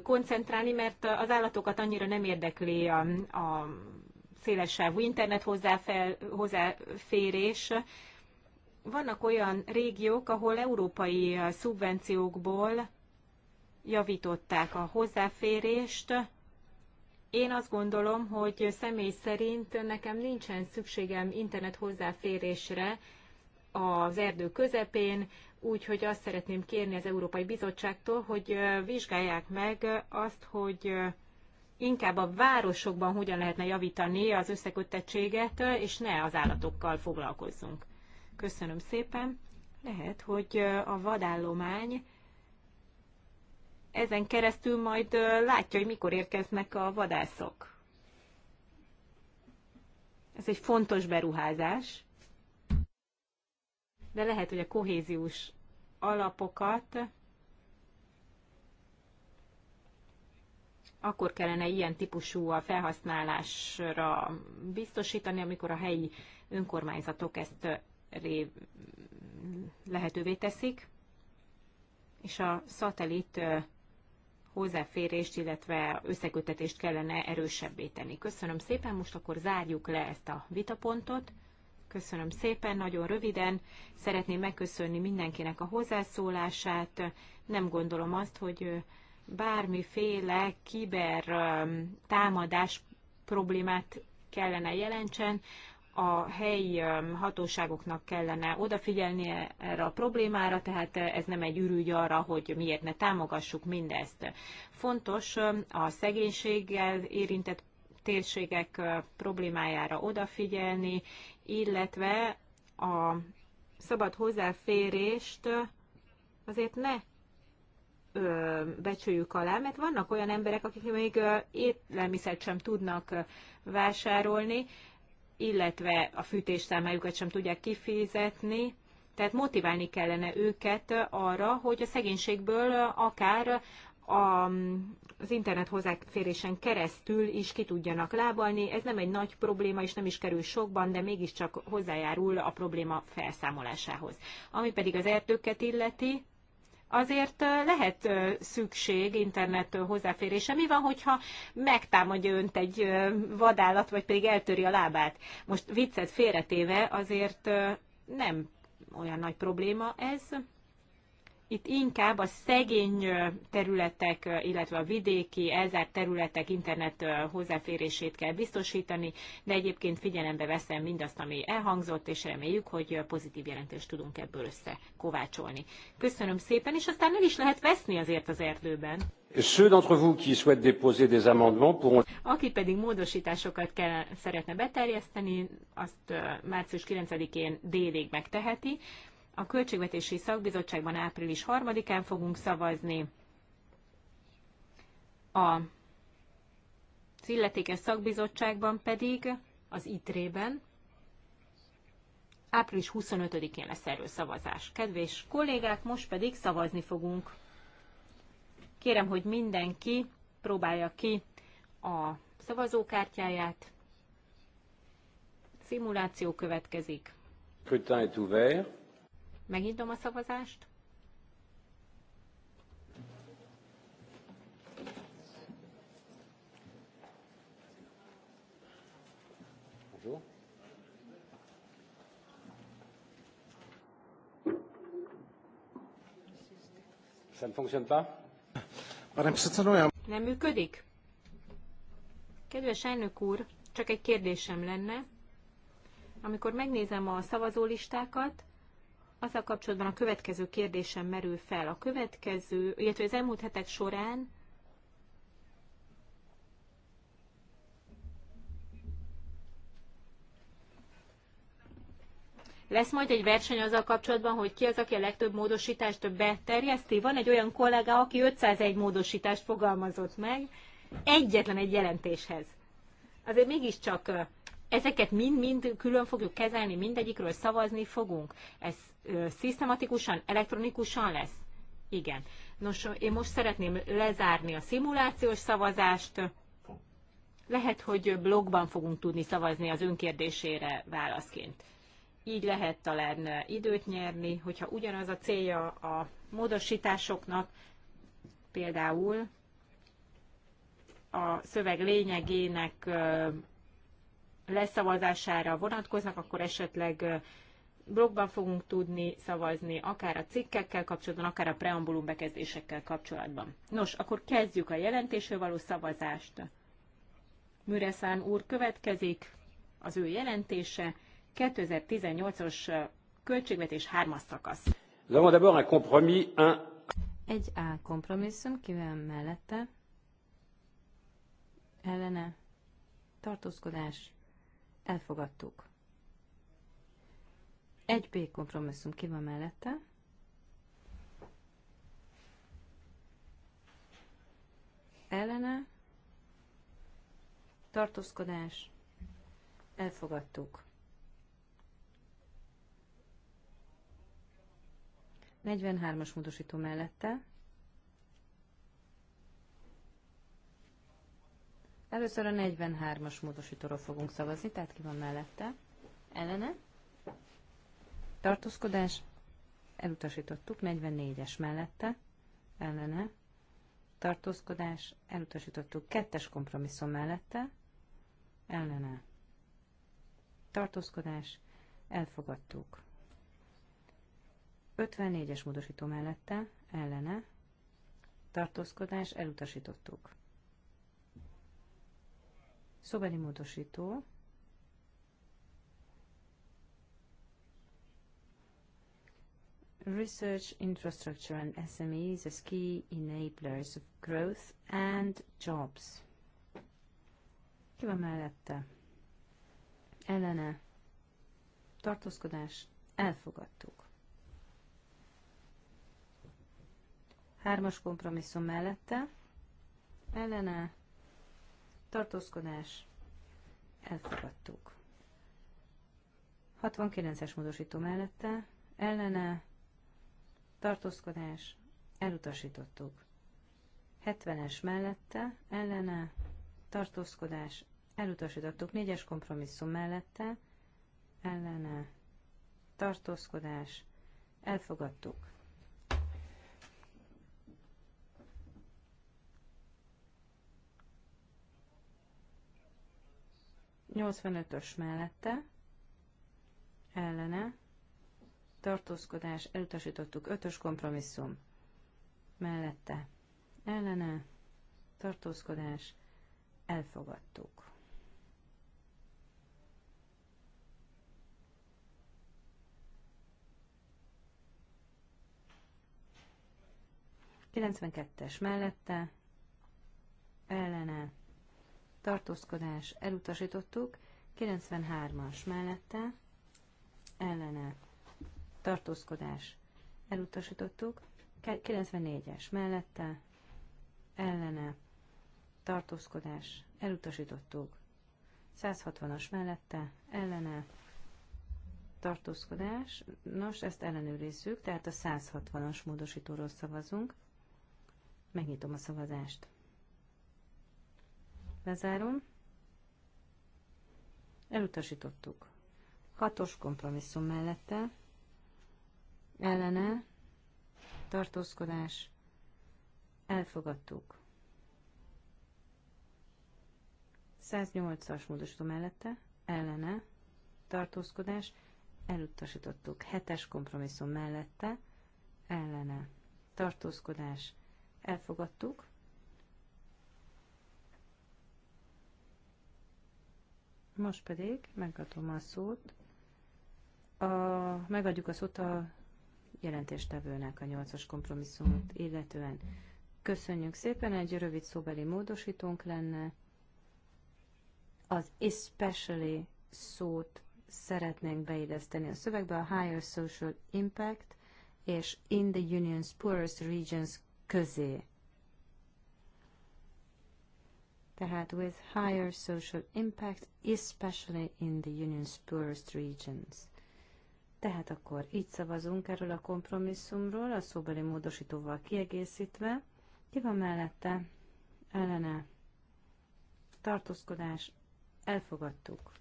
koncentrálni, mert az állatokat annyira nem érdekli a, a széles internet hozzáfel, hozzáférés. Vannak olyan régiók, ahol európai szubvenciókból javították a hozzáférést. Én azt gondolom, hogy személy szerint nekem nincsen szükségem internet hozzáférésre, az erdő közepén, úgyhogy azt szeretném kérni az Európai Bizottságtól, hogy vizsgálják meg azt, hogy inkább a városokban hogyan lehetne javítani az összeköttettséget, és ne az állatokkal foglalkozzunk. Köszönöm szépen. Lehet, hogy a vadállomány ezen keresztül majd látja, hogy mikor érkeznek a vadászok. Ez egy fontos beruházás de lehet, hogy a kohéziós alapokat akkor kellene ilyen típusú a felhasználásra biztosítani, amikor a helyi önkormányzatok ezt lehetővé teszik, és a szatellit hozzáférést, illetve összekötetést kellene erősebbé tenni. Köszönöm szépen, most akkor zárjuk le ezt a vitapontot. Köszönöm szépen, nagyon röviden. Szeretném megköszönni mindenkinek a hozzászólását. Nem gondolom azt, hogy bármiféle kiber támadás problémát kellene jelentsen. A helyi hatóságoknak kellene odafigyelni erre a problémára, tehát ez nem egy ürügy arra, hogy miért ne támogassuk mindezt. Fontos a szegénységgel érintett térségek problémájára odafigyelni, illetve a szabad hozzáférést azért ne ö, becsüljük alá, mert vannak olyan emberek, akik még élelmiszert sem tudnak vásárolni, illetve a fűtésszámlájukat sem tudják kifizetni, tehát motiválni kellene őket arra, hogy a szegénységből akár a, az internet hozzáférésen keresztül is ki tudjanak lábalni. Ez nem egy nagy probléma, és nem is kerül sokban, de mégiscsak hozzájárul a probléma felszámolásához. Ami pedig az erdőket illeti, azért lehet szükség internet hozzáférése. Mi van, hogyha megtámadja önt egy vadállat, vagy pedig eltöri a lábát? Most viccet félretéve azért nem olyan nagy probléma ez itt inkább a szegény területek, illetve a vidéki, elzárt területek internet hozzáférését kell biztosítani, de egyébként figyelembe veszem mindazt, ami elhangzott, és reméljük, hogy pozitív jelentést tudunk ebből összekovácsolni. Köszönöm szépen, és aztán nem is lehet veszni azért az erdőben. Ceux d'entre vous qui souhaitent déposer des amendements pourront... Aki pedig módosításokat kell, szeretne beterjeszteni, azt március 9-én délig megteheti. A Költségvetési Szakbizottságban április 3-án fogunk szavazni. A az illetékes szakbizottságban pedig az ITRE-ben április 25-én lesz erről szavazás. Kedves kollégák, most pedig szavazni fogunk. Kérem, hogy mindenki próbálja ki a szavazókártyáját. Szimuláció következik. Scrutin est ouvert. Megnyitom a szavazást. Jó. Nem működik? Kedves elnök úr, csak egy kérdésem lenne. Amikor megnézem a szavazólistákat, azzal kapcsolatban a következő kérdésem merül fel. A következő, illetve az elmúlt hetek során Lesz majd egy verseny azzal kapcsolatban, hogy ki az, aki a legtöbb módosítást beterjeszti? Van egy olyan kollega, aki 501 módosítást fogalmazott meg egyetlen egy jelentéshez. Azért mégiscsak ezeket mind-mind külön fogjuk kezelni, mindegyikről szavazni fogunk. Ez ö, szisztematikusan, elektronikusan lesz? Igen. Nos, én most szeretném lezárni a szimulációs szavazást. Lehet, hogy blogban fogunk tudni szavazni az önkérdésére válaszként. Így lehet talán időt nyerni, hogyha ugyanaz a célja a módosításoknak, például a szöveg lényegének leszavazására vonatkoznak, akkor esetleg blogban fogunk tudni szavazni, akár a cikkekkel kapcsolatban, akár a preambulum bekezdésekkel kapcsolatban. Nos, akkor kezdjük a jelentésről való szavazást. Müreszán úr következik, az ő jelentése, 2018-os költségvetés hármas szakasz. Egy A kompromisszum, kivel mellette? Ellene? Tartózkodás? Elfogadtuk. Egy b kompromisszum ki van mellette. Ellene. Tartózkodás. Elfogadtuk. 43-as módosító mellette. Először a 43-as módosítóról fogunk szavazni, tehát ki van mellette. Ellene. Tartózkodás. Elutasítottuk. 44-es mellette. Ellene. Tartózkodás. Elutasítottuk. Kettes kompromisszum mellette. Ellene. Tartózkodás. Elfogadtuk. 54-es módosító mellette. Ellene. Tartózkodás. Elutasítottuk. Szóbeli módosító. Research infrastructure and SMEs as key enablers of growth and jobs. Ki van mellette? Ellene. Tartózkodás. Elfogadtuk. Hármas kompromisszum mellette. Ellene tartózkodás, elfogadtuk. 69-es módosító mellette, ellene, tartózkodás, elutasítottuk. 70-es mellette, ellene, tartózkodás, elutasítottuk. 4-es kompromisszum mellette, ellene, tartózkodás, elfogadtuk. 85-ös mellette, ellene, tartózkodás, elutasítottuk, 5-ös kompromisszum mellette, ellene, tartózkodás, elfogadtuk. Kilencvenkettes mellette, ellene, tartózkodás elutasítottuk, 93-as mellette, ellene, tartózkodás elutasítottuk, 94-es mellette, ellene, tartózkodás elutasítottuk, 160-as mellette, ellene, tartózkodás. Nos, ezt ellenőrizzük, tehát a 160-as módosítóról szavazunk. Megnyitom a szavazást. Lezárom. Elutasítottuk. Hatos kompromisszum mellette. Ellene. Tartózkodás. Elfogadtuk. 108-as módosító mellette. Ellene. Tartózkodás. Elutasítottuk. Hetes kompromisszum mellette. Ellene. Tartózkodás. Elfogadtuk. Most pedig megadom a szót. A, megadjuk a szót a jelentéstevőnek a nyolcas kompromisszumot illetően. Köszönjük szépen, egy rövid szóbeli módosítónk lenne. Az especially szót szeretnénk beilleszteni a szövegbe, a higher social impact és in the union's poorest regions közé. tehát with higher social impact, especially in the Union's poorest regions. Tehát akkor így szavazunk erről a kompromisszumról, a szóbeli módosítóval kiegészítve. Ki van mellette? Ellene. Tartózkodás. Elfogadtuk.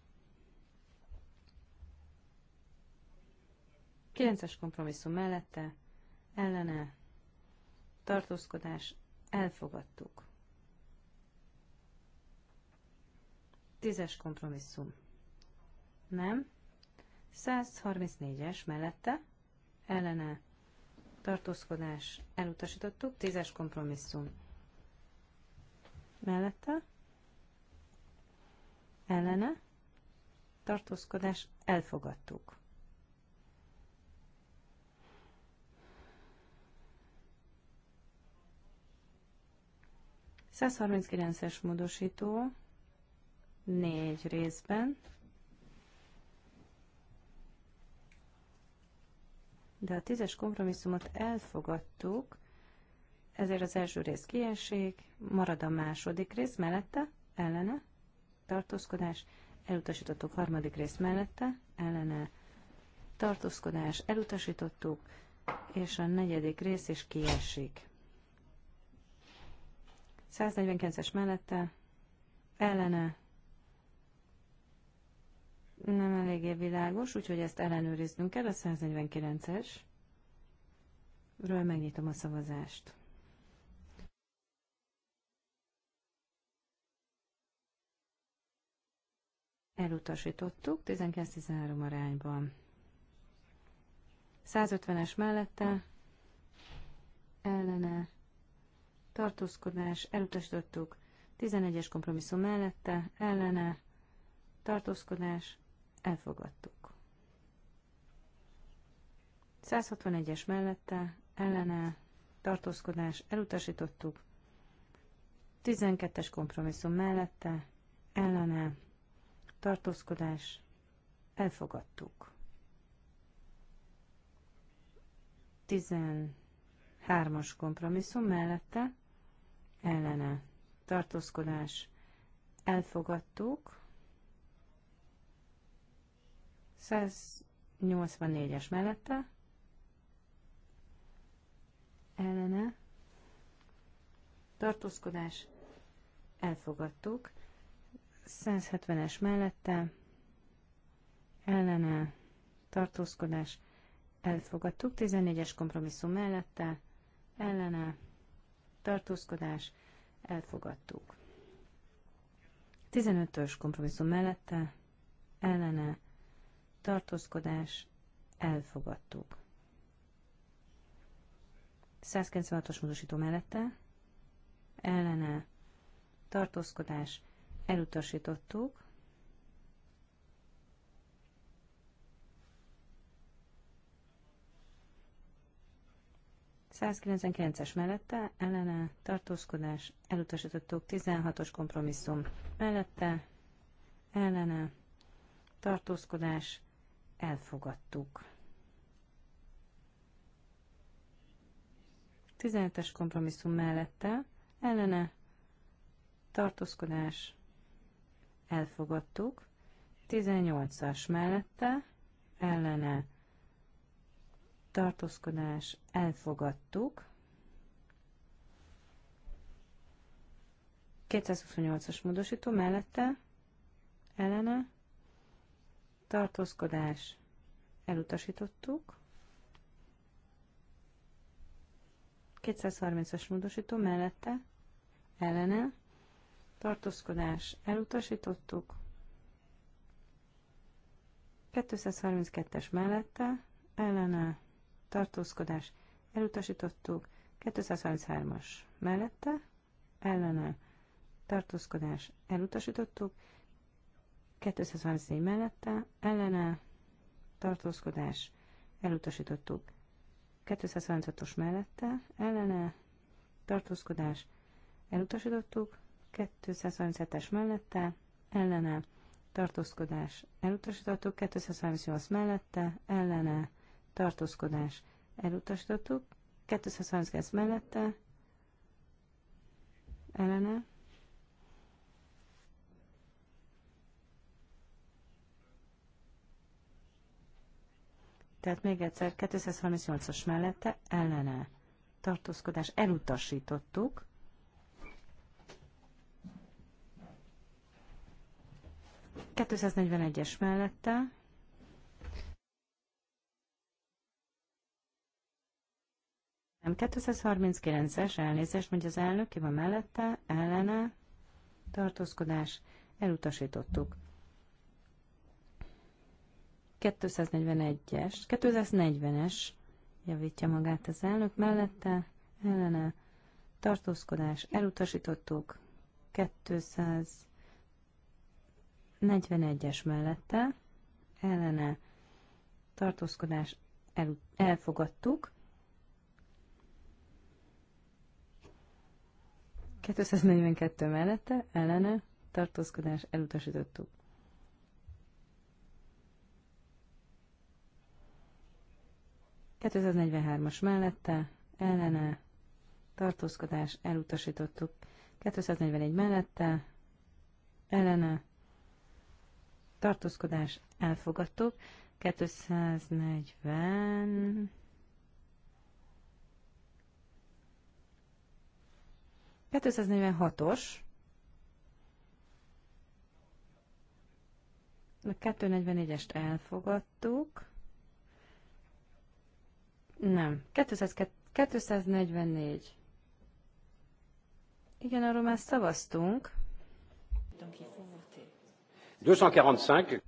9-es kompromisszum mellette. Ellene. Tartózkodás. Elfogadtuk. Tízes kompromisszum. Nem. 134-es mellette ellene tartózkodás elutasítottuk. Tízes kompromisszum. Mellette ellene tartózkodás elfogadtuk. es módosító négy részben. De a tízes kompromisszumot elfogadtuk, ezért az első rész kiesik, marad a második rész mellette, ellene, tartózkodás, elutasítottuk harmadik rész mellette, ellene, tartózkodás, elutasítottuk, és a negyedik rész is kiesik. 149-es mellette, ellene, nem eléggé világos, úgyhogy ezt ellenőriznünk kell. A 149-es. Ről megnyitom a szavazást. Elutasítottuk 19-13 arányban. 150-es mellette ellene tartózkodás elutasítottuk 11-es kompromisszum mellette ellene tartózkodás elfogadtuk. 161-es mellette, ellene, tartózkodás, elutasítottuk. 12-es kompromisszum mellette, ellene, tartózkodás, elfogadtuk. 13-as kompromisszum mellette, ellene, tartózkodás, elfogadtuk. 184-es mellette, ellene, tartózkodás, elfogadtuk, 170-es mellette, ellene, tartózkodás, elfogadtuk, 14-es kompromisszum mellette, ellene, tartózkodás, elfogadtuk. 15-ös kompromisszum mellette, ellene, tartózkodás, elfogadtuk. 196-os módosító mellette, ellene, tartózkodás, elutasítottuk. es mellette, ellene, tartózkodás, elutasítottuk, 16-os kompromisszum mellette, ellene, tartózkodás, elfogadtuk. 17-es kompromisszum mellette ellene tartózkodás elfogadtuk. 18-as mellette ellene tartózkodás elfogadtuk. 228-as módosító mellette ellene tartózkodás elutasítottuk. 230-as módosító mellette ellene tartózkodás elutasítottuk. 232-es mellette ellene tartózkodás elutasítottuk. 233-as mellette ellene tartózkodás elutasítottuk. 234 mellette, ellene, tartózkodás, elutasítottuk. 236-os mellette, ellene, tartózkodás, elutasítottuk. 237-es mellette, ellene, tartózkodás, elutasítottuk. 238 mellette, ellene, tartózkodás, elutasítottuk. 239 mellette, ellene, Tehát még egyszer, 238-as mellette ellene tartózkodás elutasítottuk. es mellette Nem, 239-es, elnézést, mondja az elnök, ki van mellette, ellene, tartózkodás, elutasítottuk. 241-es, 240-es, javítja magát az elnök mellette, ellene, tartózkodás, elutasítottuk, 241-es mellette, ellene, tartózkodás, el, elfogadtuk, 242 mellette, ellene, tartózkodás, elutasítottuk. 243-as mellette, ellene, tartózkodás, elutasítottuk. 241 mellette, ellene, tartózkodás, elfogadtuk. 240... os a 244-est elfogadtuk, nem. 244. Igen, arról már szavaztunk.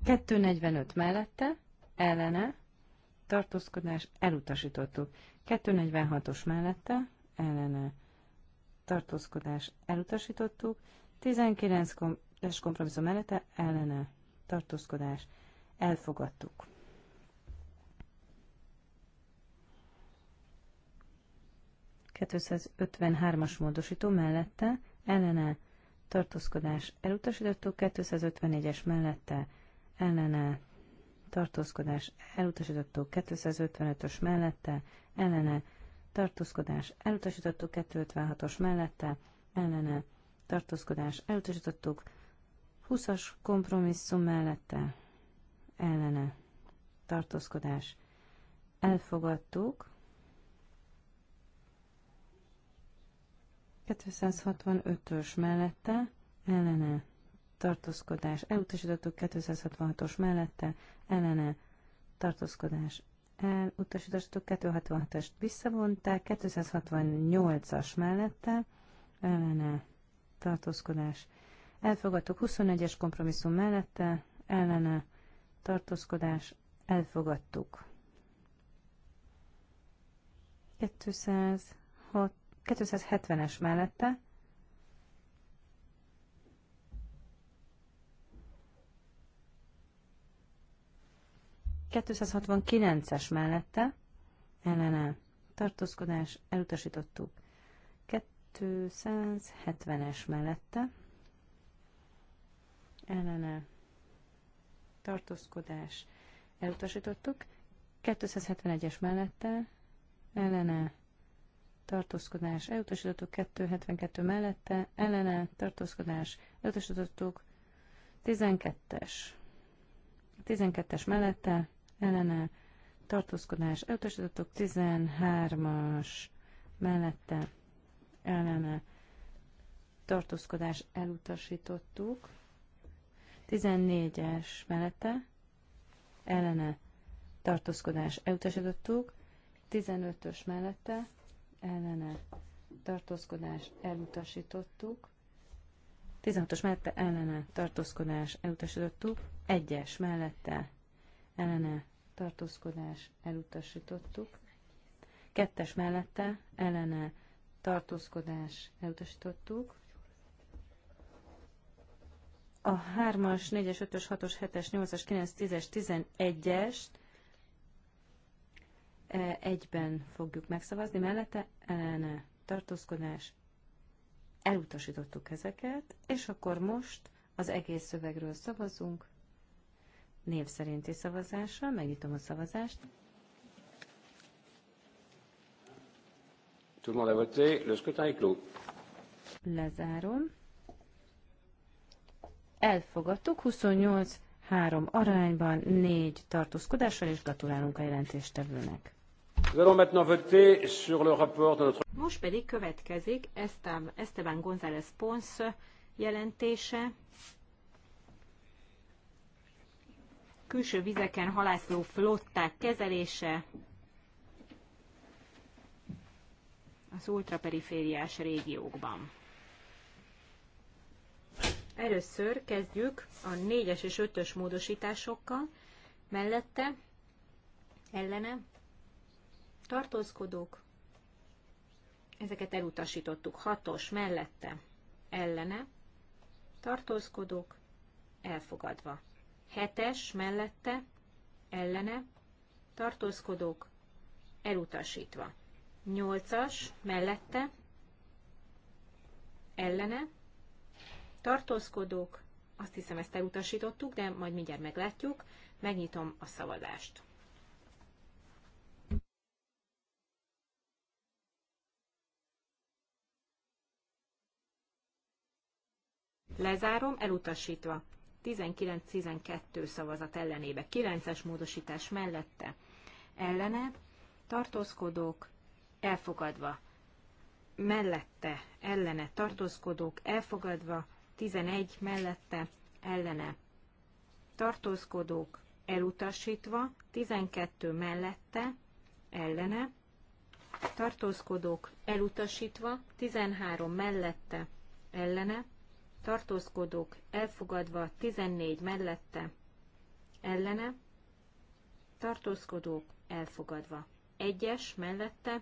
245. mellette, ellene, tartózkodás, elutasítottuk. 246-os mellette, ellene, tartózkodás, elutasítottuk. 19-es kompromisszum mellette, ellene, tartózkodás, elfogadtuk. 253-as módosító mellette, ellene tartózkodás elutasítottuk, 254-es mellette, ellene tartózkodás elutasítottuk, 255-ös mellette, ellene tartózkodás elutasítottuk, 256-os mellette, ellene tartózkodás elutasítottuk, 20-as kompromisszum mellette, ellene tartózkodás elfogadtuk, 265-ös mellette ellene tartózkodás elutasítottuk, 266-os mellette ellene tartózkodás elutasítottuk, 266-est visszavonták, 268-as mellette ellene tartózkodás elfogadtuk, 21-es kompromisszum mellette ellene tartózkodás elfogadtuk. 206 270-es mellette es mellette ellene tartózkodás elutasítottuk. 270-es mellette ellene tartózkodás elutasítottuk. 271-es mellette ellene tartózkodás elutasítottuk, 272 mellette, ellene tartózkodás elutasítottuk, 12-es. 12-es mellette, ellene tartózkodás elutasítottuk, 13-as mellette, ellene tartózkodás elutasítottuk, 14-es mellette, ellene tartózkodás elutasítottuk, 15-ös mellette, ellene tartózkodás elutasítottuk. 16-os mellette ellene tartózkodás elutasítottuk. 1-es mellette ellene tartózkodás elutasítottuk. 2-es mellette ellene tartózkodás elutasítottuk. A 3-as, 4-es, 5-ös, 6-os, 7-es, 8-as, 9-es, 10-es, 11-est E, egyben fogjuk megszavazni, mellette ellene tartózkodás, elutasítottuk ezeket, és akkor most az egész szövegről szavazunk, név szerinti szavazással, megnyitom a szavazást. Tout le monde a voté, le scrutin est clos. Lezárom. Elfogadtuk 28 3 arányban, 4 tartózkodással, és gratulálunk a jelentéstevőnek. Most pedig következik Esteban González Pons jelentése. Külső vizeken halászló flották kezelése az ultraperifériás régiókban. Először kezdjük a 4-es és 5-ös módosításokkal, mellette ellene tartózkodók, ezeket elutasítottuk. Hatos mellette ellene tartózkodók, elfogadva. Hetes mellette ellene tartózkodók, elutasítva. Nyolcas mellette ellene tartózkodók, azt hiszem ezt elutasítottuk, de majd mindjárt meglátjuk. Megnyitom a szavazást. Lezárom, elutasítva. 19-12 szavazat ellenébe, 9-es módosítás mellette ellene, tartózkodók elfogadva, mellette ellene tartózkodók elfogadva, 11 mellette ellene tartózkodók elutasítva, 12 mellette ellene tartózkodók elutasítva, 13 mellette ellene tartózkodók elfogadva 14 mellette, ellene, tartózkodók elfogadva. Egyes mellette,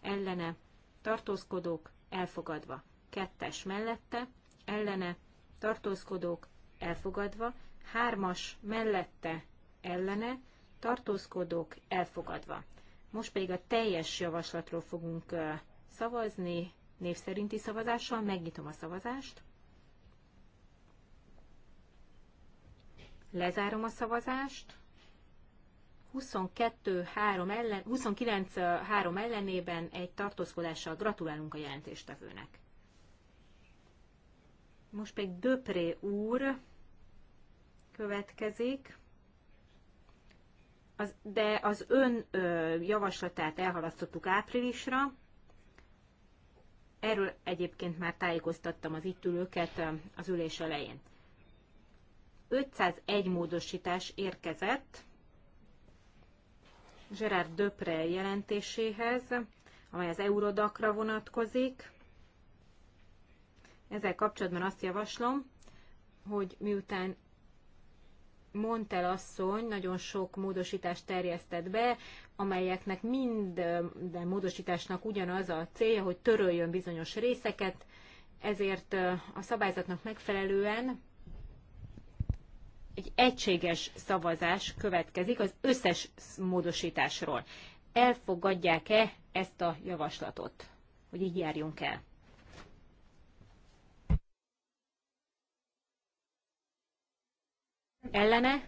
ellene, tartózkodók elfogadva. Kettes mellette, ellene, tartózkodók elfogadva. Hármas mellette, ellene, tartózkodók elfogadva. Most pedig a teljes javaslatról fogunk szavazni, név szerinti szavazással. Megnyitom a szavazást. Lezárom a szavazást. 22-3 ellen, 29-3 ellenében egy tartózkodással gratulálunk a jelentéstevőnek. Most pedig Döpré úr következik, az, de az ön ö, javaslatát elhalasztottuk áprilisra. Erről egyébként már tájékoztattam az itt ülőket az ülés elején. 501 módosítás érkezett Gerard Döpre jelentéséhez, amely az Eurodakra vonatkozik. Ezzel kapcsolatban azt javaslom, hogy miután Montel asszony nagyon sok módosítást terjesztett be, amelyeknek mind, de módosításnak ugyanaz a célja, hogy töröljön bizonyos részeket, ezért a szabályzatnak megfelelően egy egységes szavazás következik az összes módosításról. Elfogadják-e ezt a javaslatot, hogy így járjunk el? Ellene?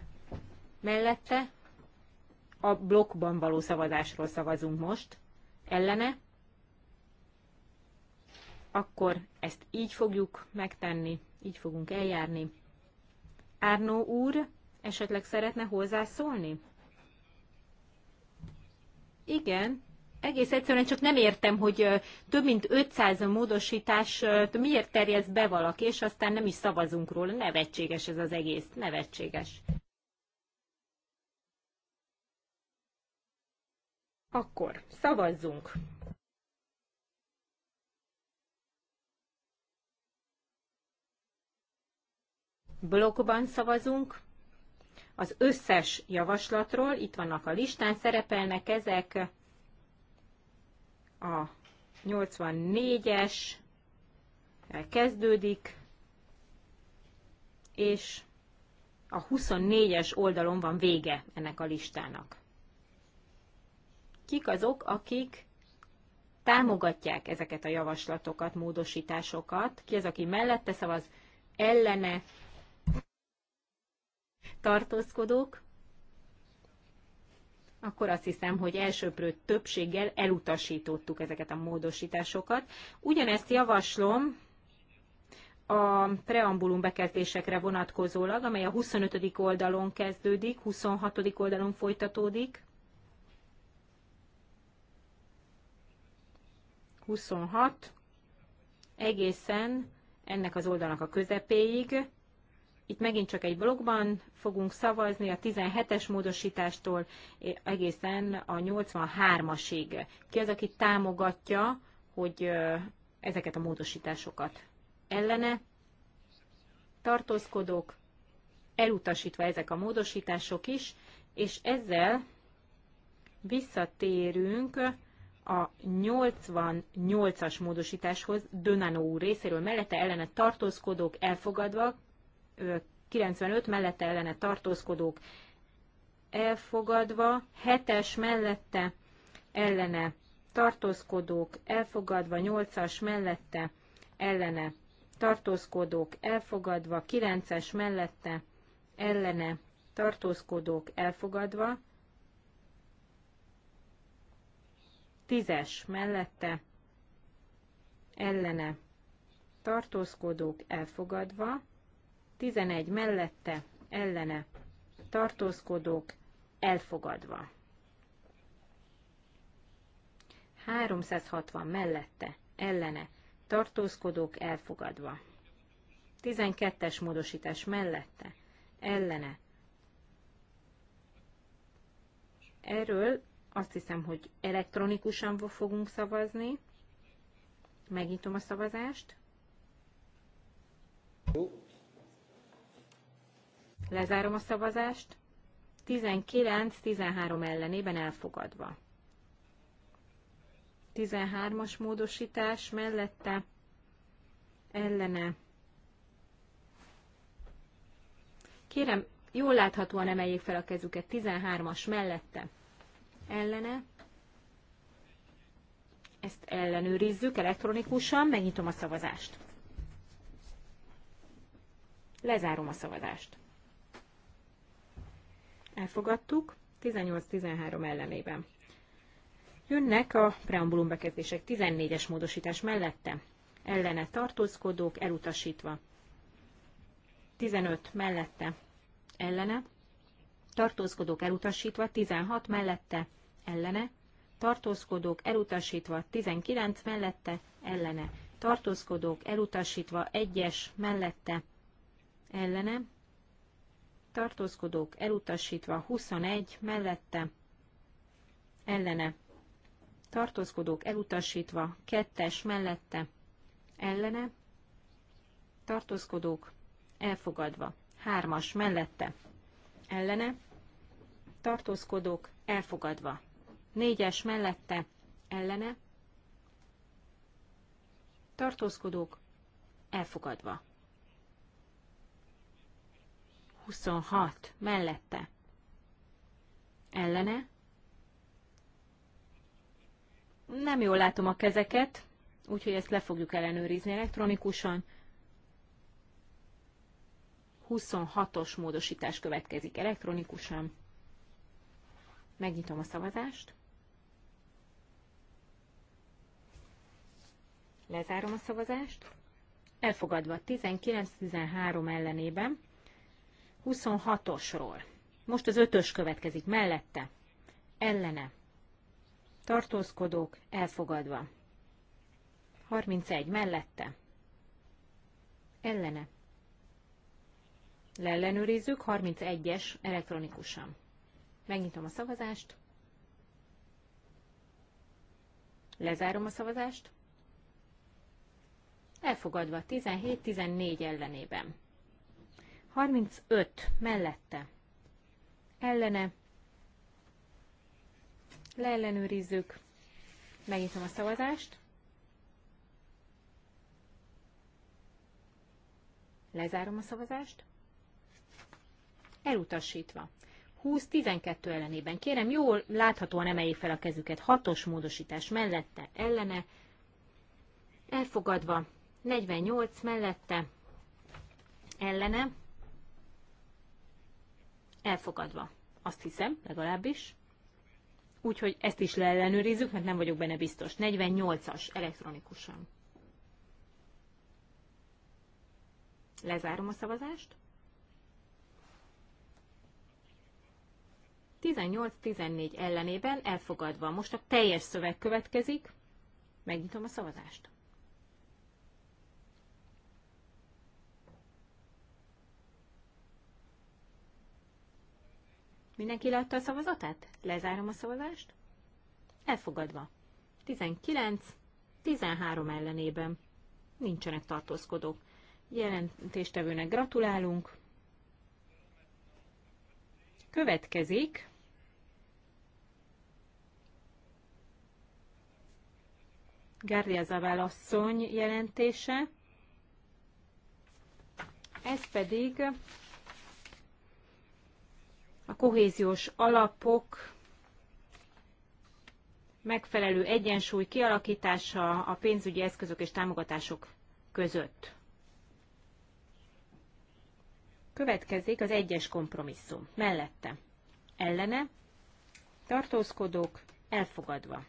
Mellette? A blokkban való szavazásról szavazunk most. Ellene? Akkor ezt így fogjuk megtenni, így fogunk eljárni. Árnó úr esetleg szeretne hozzászólni? Igen, egész egyszerűen csak nem értem, hogy több mint 500 módosítás miért terjed be valaki, és aztán nem is szavazunk róla. Nevetséges ez az egész, nevetséges. Akkor szavazzunk. Blokkban szavazunk az összes javaslatról, itt vannak a listán, szerepelnek ezek a 84-es, kezdődik, és a 24-es oldalon van vége ennek a listának. Kik azok, akik támogatják ezeket a javaslatokat, módosításokat? Ki az, aki mellette szavaz, ellene tartózkodók, akkor azt hiszem, hogy elsőprő többséggel elutasítottuk ezeket a módosításokat. Ugyanezt javaslom a preambulum bekezdésekre vonatkozólag, amely a 25. oldalon kezdődik, 26. oldalon folytatódik. 26 egészen ennek az oldalnak a közepéig, itt megint csak egy blogban fogunk szavazni a 17-es módosítástól eh, egészen a 83-asig. Ki az, aki támogatja, hogy ezeket a módosításokat ellene tartózkodók, elutasítva ezek a módosítások is, és ezzel visszatérünk a 88-as módosításhoz Dönanó úr részéről mellette ellene tartózkodók elfogadva, 95 mellette ellene tartózkodók elfogadva, 7-es mellette ellene tartózkodók elfogadva, 8-as mellette ellene tartózkodók elfogadva, 9-es mellette ellene tartózkodók elfogadva, 10-es mellette ellene tartózkodók elfogadva, 11 mellette, ellene, tartózkodók, elfogadva. 360 mellette, ellene, tartózkodók, elfogadva. 12-es módosítás mellette, ellene. Erről azt hiszem, hogy elektronikusan fogunk szavazni. Megnyitom a szavazást. Jó. Lezárom a szavazást. 19-13 ellenében elfogadva. 13-as módosítás mellette ellene. Kérem, jól láthatóan emeljék fel a kezüket. 13-as mellette ellene. Ezt ellenőrizzük elektronikusan, megnyitom a szavazást. Lezárom a szavazást elfogadtuk, 18-13 ellenében. Jönnek a preambulum bekezdések 14-es módosítás mellette, ellene tartózkodók elutasítva. 15 mellette, ellene, tartózkodók elutasítva, 16 mellette, ellene, tartózkodók elutasítva, 19 mellette, ellene, tartózkodók elutasítva, 1-es mellette, ellene, tartózkodók elutasítva 21 mellette ellene tartózkodók elutasítva 2-es mellette ellene tartózkodók elfogadva 3-as mellette ellene tartózkodók elfogadva 4-es mellette ellene tartózkodók elfogadva 26 mellette ellene. Nem jól látom a kezeket, úgyhogy ezt le fogjuk ellenőrizni elektronikusan. 26-os módosítás következik elektronikusan. Megnyitom a szavazást. Lezárom a szavazást. Elfogadva 19-13 ellenében. 26-osról. Most az ötös következik mellette. Ellene. Tartózkodók elfogadva. 31 mellette. Ellene. Leellenőrizzük 31-es elektronikusan. Megnyitom a szavazást. Lezárom a szavazást. Elfogadva 17-14 ellenében. 35 mellette ellene leellenőrizzük, megnyitom a szavazást, lezárom a szavazást, elutasítva. 20-12 ellenében. Kérem, jól láthatóan emeljék fel a kezüket. Hatos módosítás mellette, ellene. Elfogadva. 48 mellette, ellene elfogadva. Azt hiszem, legalábbis. Úgyhogy ezt is leellenőrizzük, mert nem vagyok benne biztos. 48-as elektronikusan. Lezárom a szavazást. 18-14 ellenében elfogadva. Most a teljes szöveg következik. Megnyitom a szavazást. Mindenki látta a szavazatát? Lezárom a szavazást. Elfogadva. 19, 13 ellenében. Nincsenek tartózkodók. Jelentéstevőnek gratulálunk. Következik Gárdia Zavál asszony jelentése. Ez pedig kohéziós alapok megfelelő egyensúly kialakítása a pénzügyi eszközök és támogatások között. Következik az egyes kompromisszum. Mellette. Ellene. Tartózkodók. Elfogadva.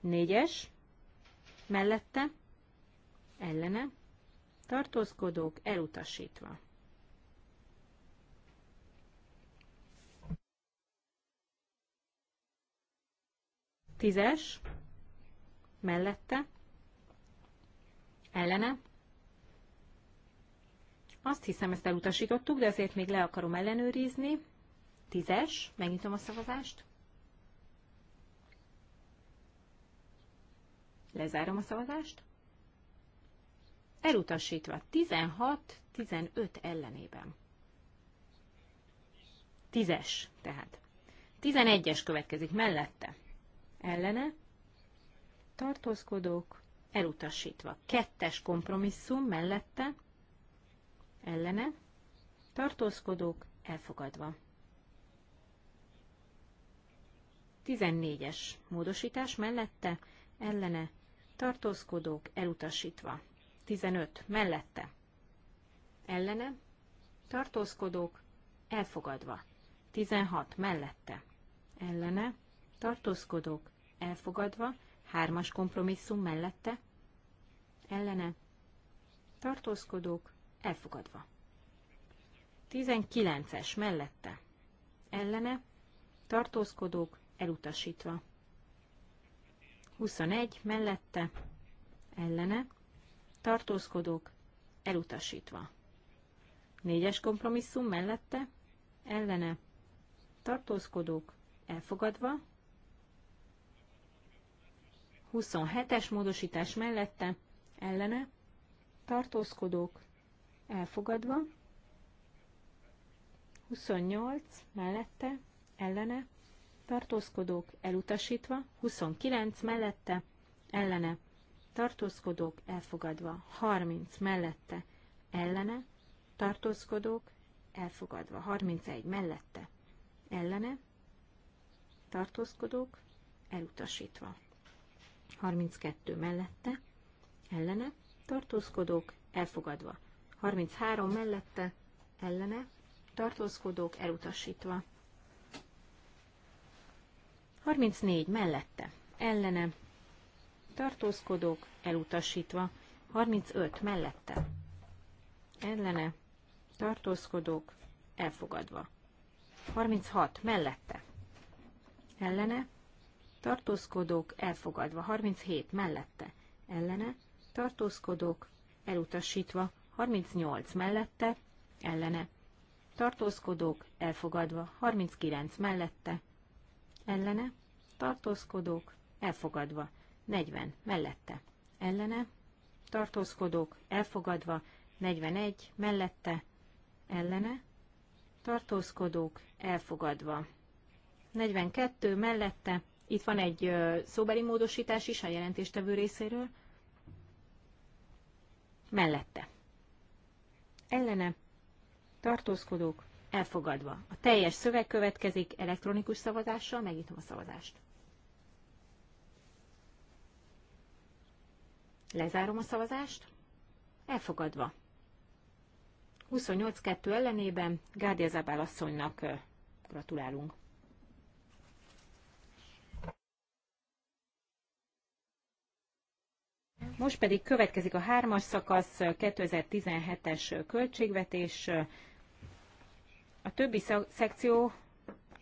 Négyes mellette, ellene, tartózkodók elutasítva. Tízes, mellette, ellene. Azt hiszem, ezt elutasítottuk, de ezért még le akarom ellenőrizni. Tízes, megnyitom a szavazást. Lezárom a szavazást. Elutasítva 16-15 ellenében. Tízes, tehát. 11-es következik mellette. Ellene. Tartózkodók. Elutasítva. Kettes kompromisszum mellette. Ellene. Tartózkodók. Elfogadva. 14-es módosítás mellette. Ellene tartózkodók elutasítva. 15. Mellette. Ellene, tartózkodók elfogadva. 16. Mellette. Ellene, tartózkodók elfogadva. Hármas kompromisszum mellette. Ellene, tartózkodók elfogadva. 19-es mellette. Ellene, tartózkodók elutasítva. 21 mellette, ellene, tartózkodók, elutasítva. Négyes kompromisszum mellette, ellene, tartózkodók, elfogadva. 27-es módosítás mellette, ellene, tartózkodók, elfogadva. 28 mellette, ellene, tartózkodók elutasítva, 29 mellette, ellene, tartózkodók elfogadva, 30 mellette, ellene, tartózkodók elfogadva, 31 mellette, ellene, tartózkodók elutasítva, 32 mellette, ellene, tartózkodók elfogadva, 33 mellette, ellene, tartózkodók elutasítva. 34 mellette, ellene, tartózkodók, elutasítva. 35 mellette, ellene, tartózkodók, elfogadva. 36 mellette, ellene, tartózkodók, elfogadva. 37 mellette, ellene, tartózkodók, elutasítva. 38 mellette, ellene, tartózkodók, elfogadva. 39 mellette, ellene, tartózkodók, elfogadva. 40 mellette, ellene, tartózkodók, elfogadva. 41 mellette, ellene, tartózkodók, elfogadva. 42 mellette, itt van egy szóbeli módosítás is a jelentéstevő részéről, mellette. Ellene, tartózkodók, elfogadva. A teljes szöveg következik elektronikus szavazással, megnyitom a szavazást. Lezárom a szavazást. Elfogadva. 28-2 ellenében Gárdia Zabál asszonynak gratulálunk. Most pedig következik a hármas szakasz 2017-es költségvetés a többi szekció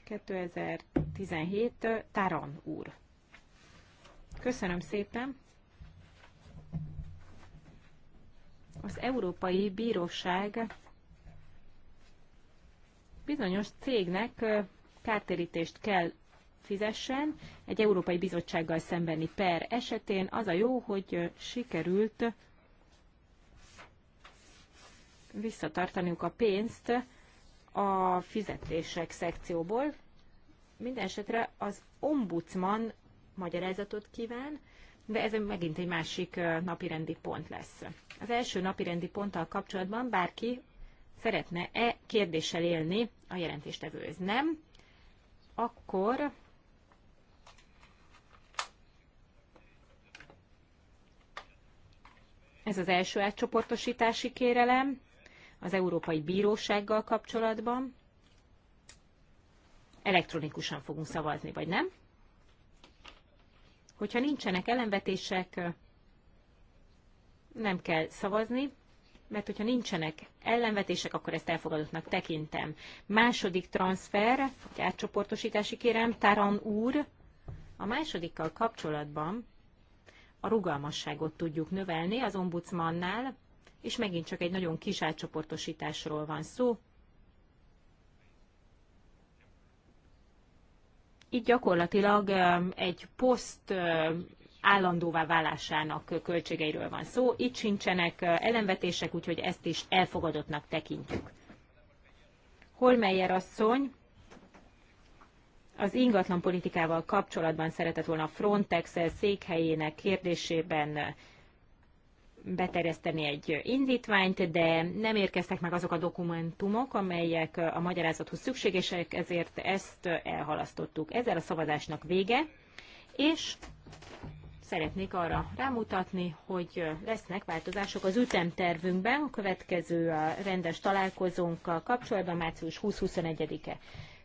2017 Taran úr. Köszönöm szépen! Az Európai Bíróság bizonyos cégnek kártérítést kell fizessen. Egy Európai Bizottsággal szembeni per esetén az a jó, hogy sikerült visszatartaniuk a pénzt, a fizetések szekcióból. Mindenesetre az ombudsman magyarázatot kíván, de ez megint egy másik napirendi pont lesz. Az első napirendi ponttal kapcsolatban bárki szeretne-e kérdéssel élni a jelentéstevőhöz? Nem. Akkor ez az első átcsoportosítási kérelem, az Európai Bírósággal kapcsolatban. Elektronikusan fogunk szavazni, vagy nem? Hogyha nincsenek ellenvetések, nem kell szavazni, mert hogyha nincsenek ellenvetések, akkor ezt elfogadottnak tekintem. Második transfer, vagy átcsoportosítási kérem, Taran úr, a másodikkal kapcsolatban a rugalmasságot tudjuk növelni az ombudsmannál, és megint csak egy nagyon kis átcsoportosításról van szó. Így gyakorlatilag um, egy poszt um, állandóvá válásának költségeiről van szó. Itt sincsenek uh, ellenvetések, úgyhogy ezt is elfogadottnak tekintjük. Holmeyer asszony az ingatlan politikával kapcsolatban szeretett volna a Frontex székhelyének kérdésében beterjeszteni egy indítványt, de nem érkeztek meg azok a dokumentumok, amelyek a magyarázathoz szükségesek, ezért ezt elhalasztottuk. Ezzel a szavazásnak vége, és szeretnék arra rámutatni, hogy lesznek változások az ütemtervünkben a következő rendes találkozónkkal kapcsolatban március 20-21-e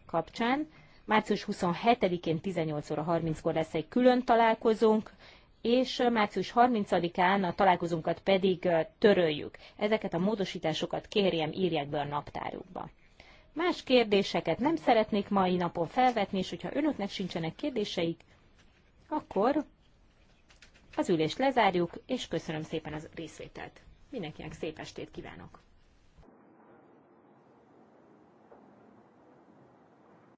kapcsán. Március 27-én 18 óra 30-kor lesz egy külön találkozónk, és március 30-án a találkozunkat pedig töröljük. Ezeket a módosításokat kérjem, írják be a naptárukba. Más kérdéseket nem szeretnék mai napon felvetni, és hogyha önöknek sincsenek kérdéseik, akkor az ülést lezárjuk, és köszönöm szépen az részvételt. Mindenkinek szép estét kívánok!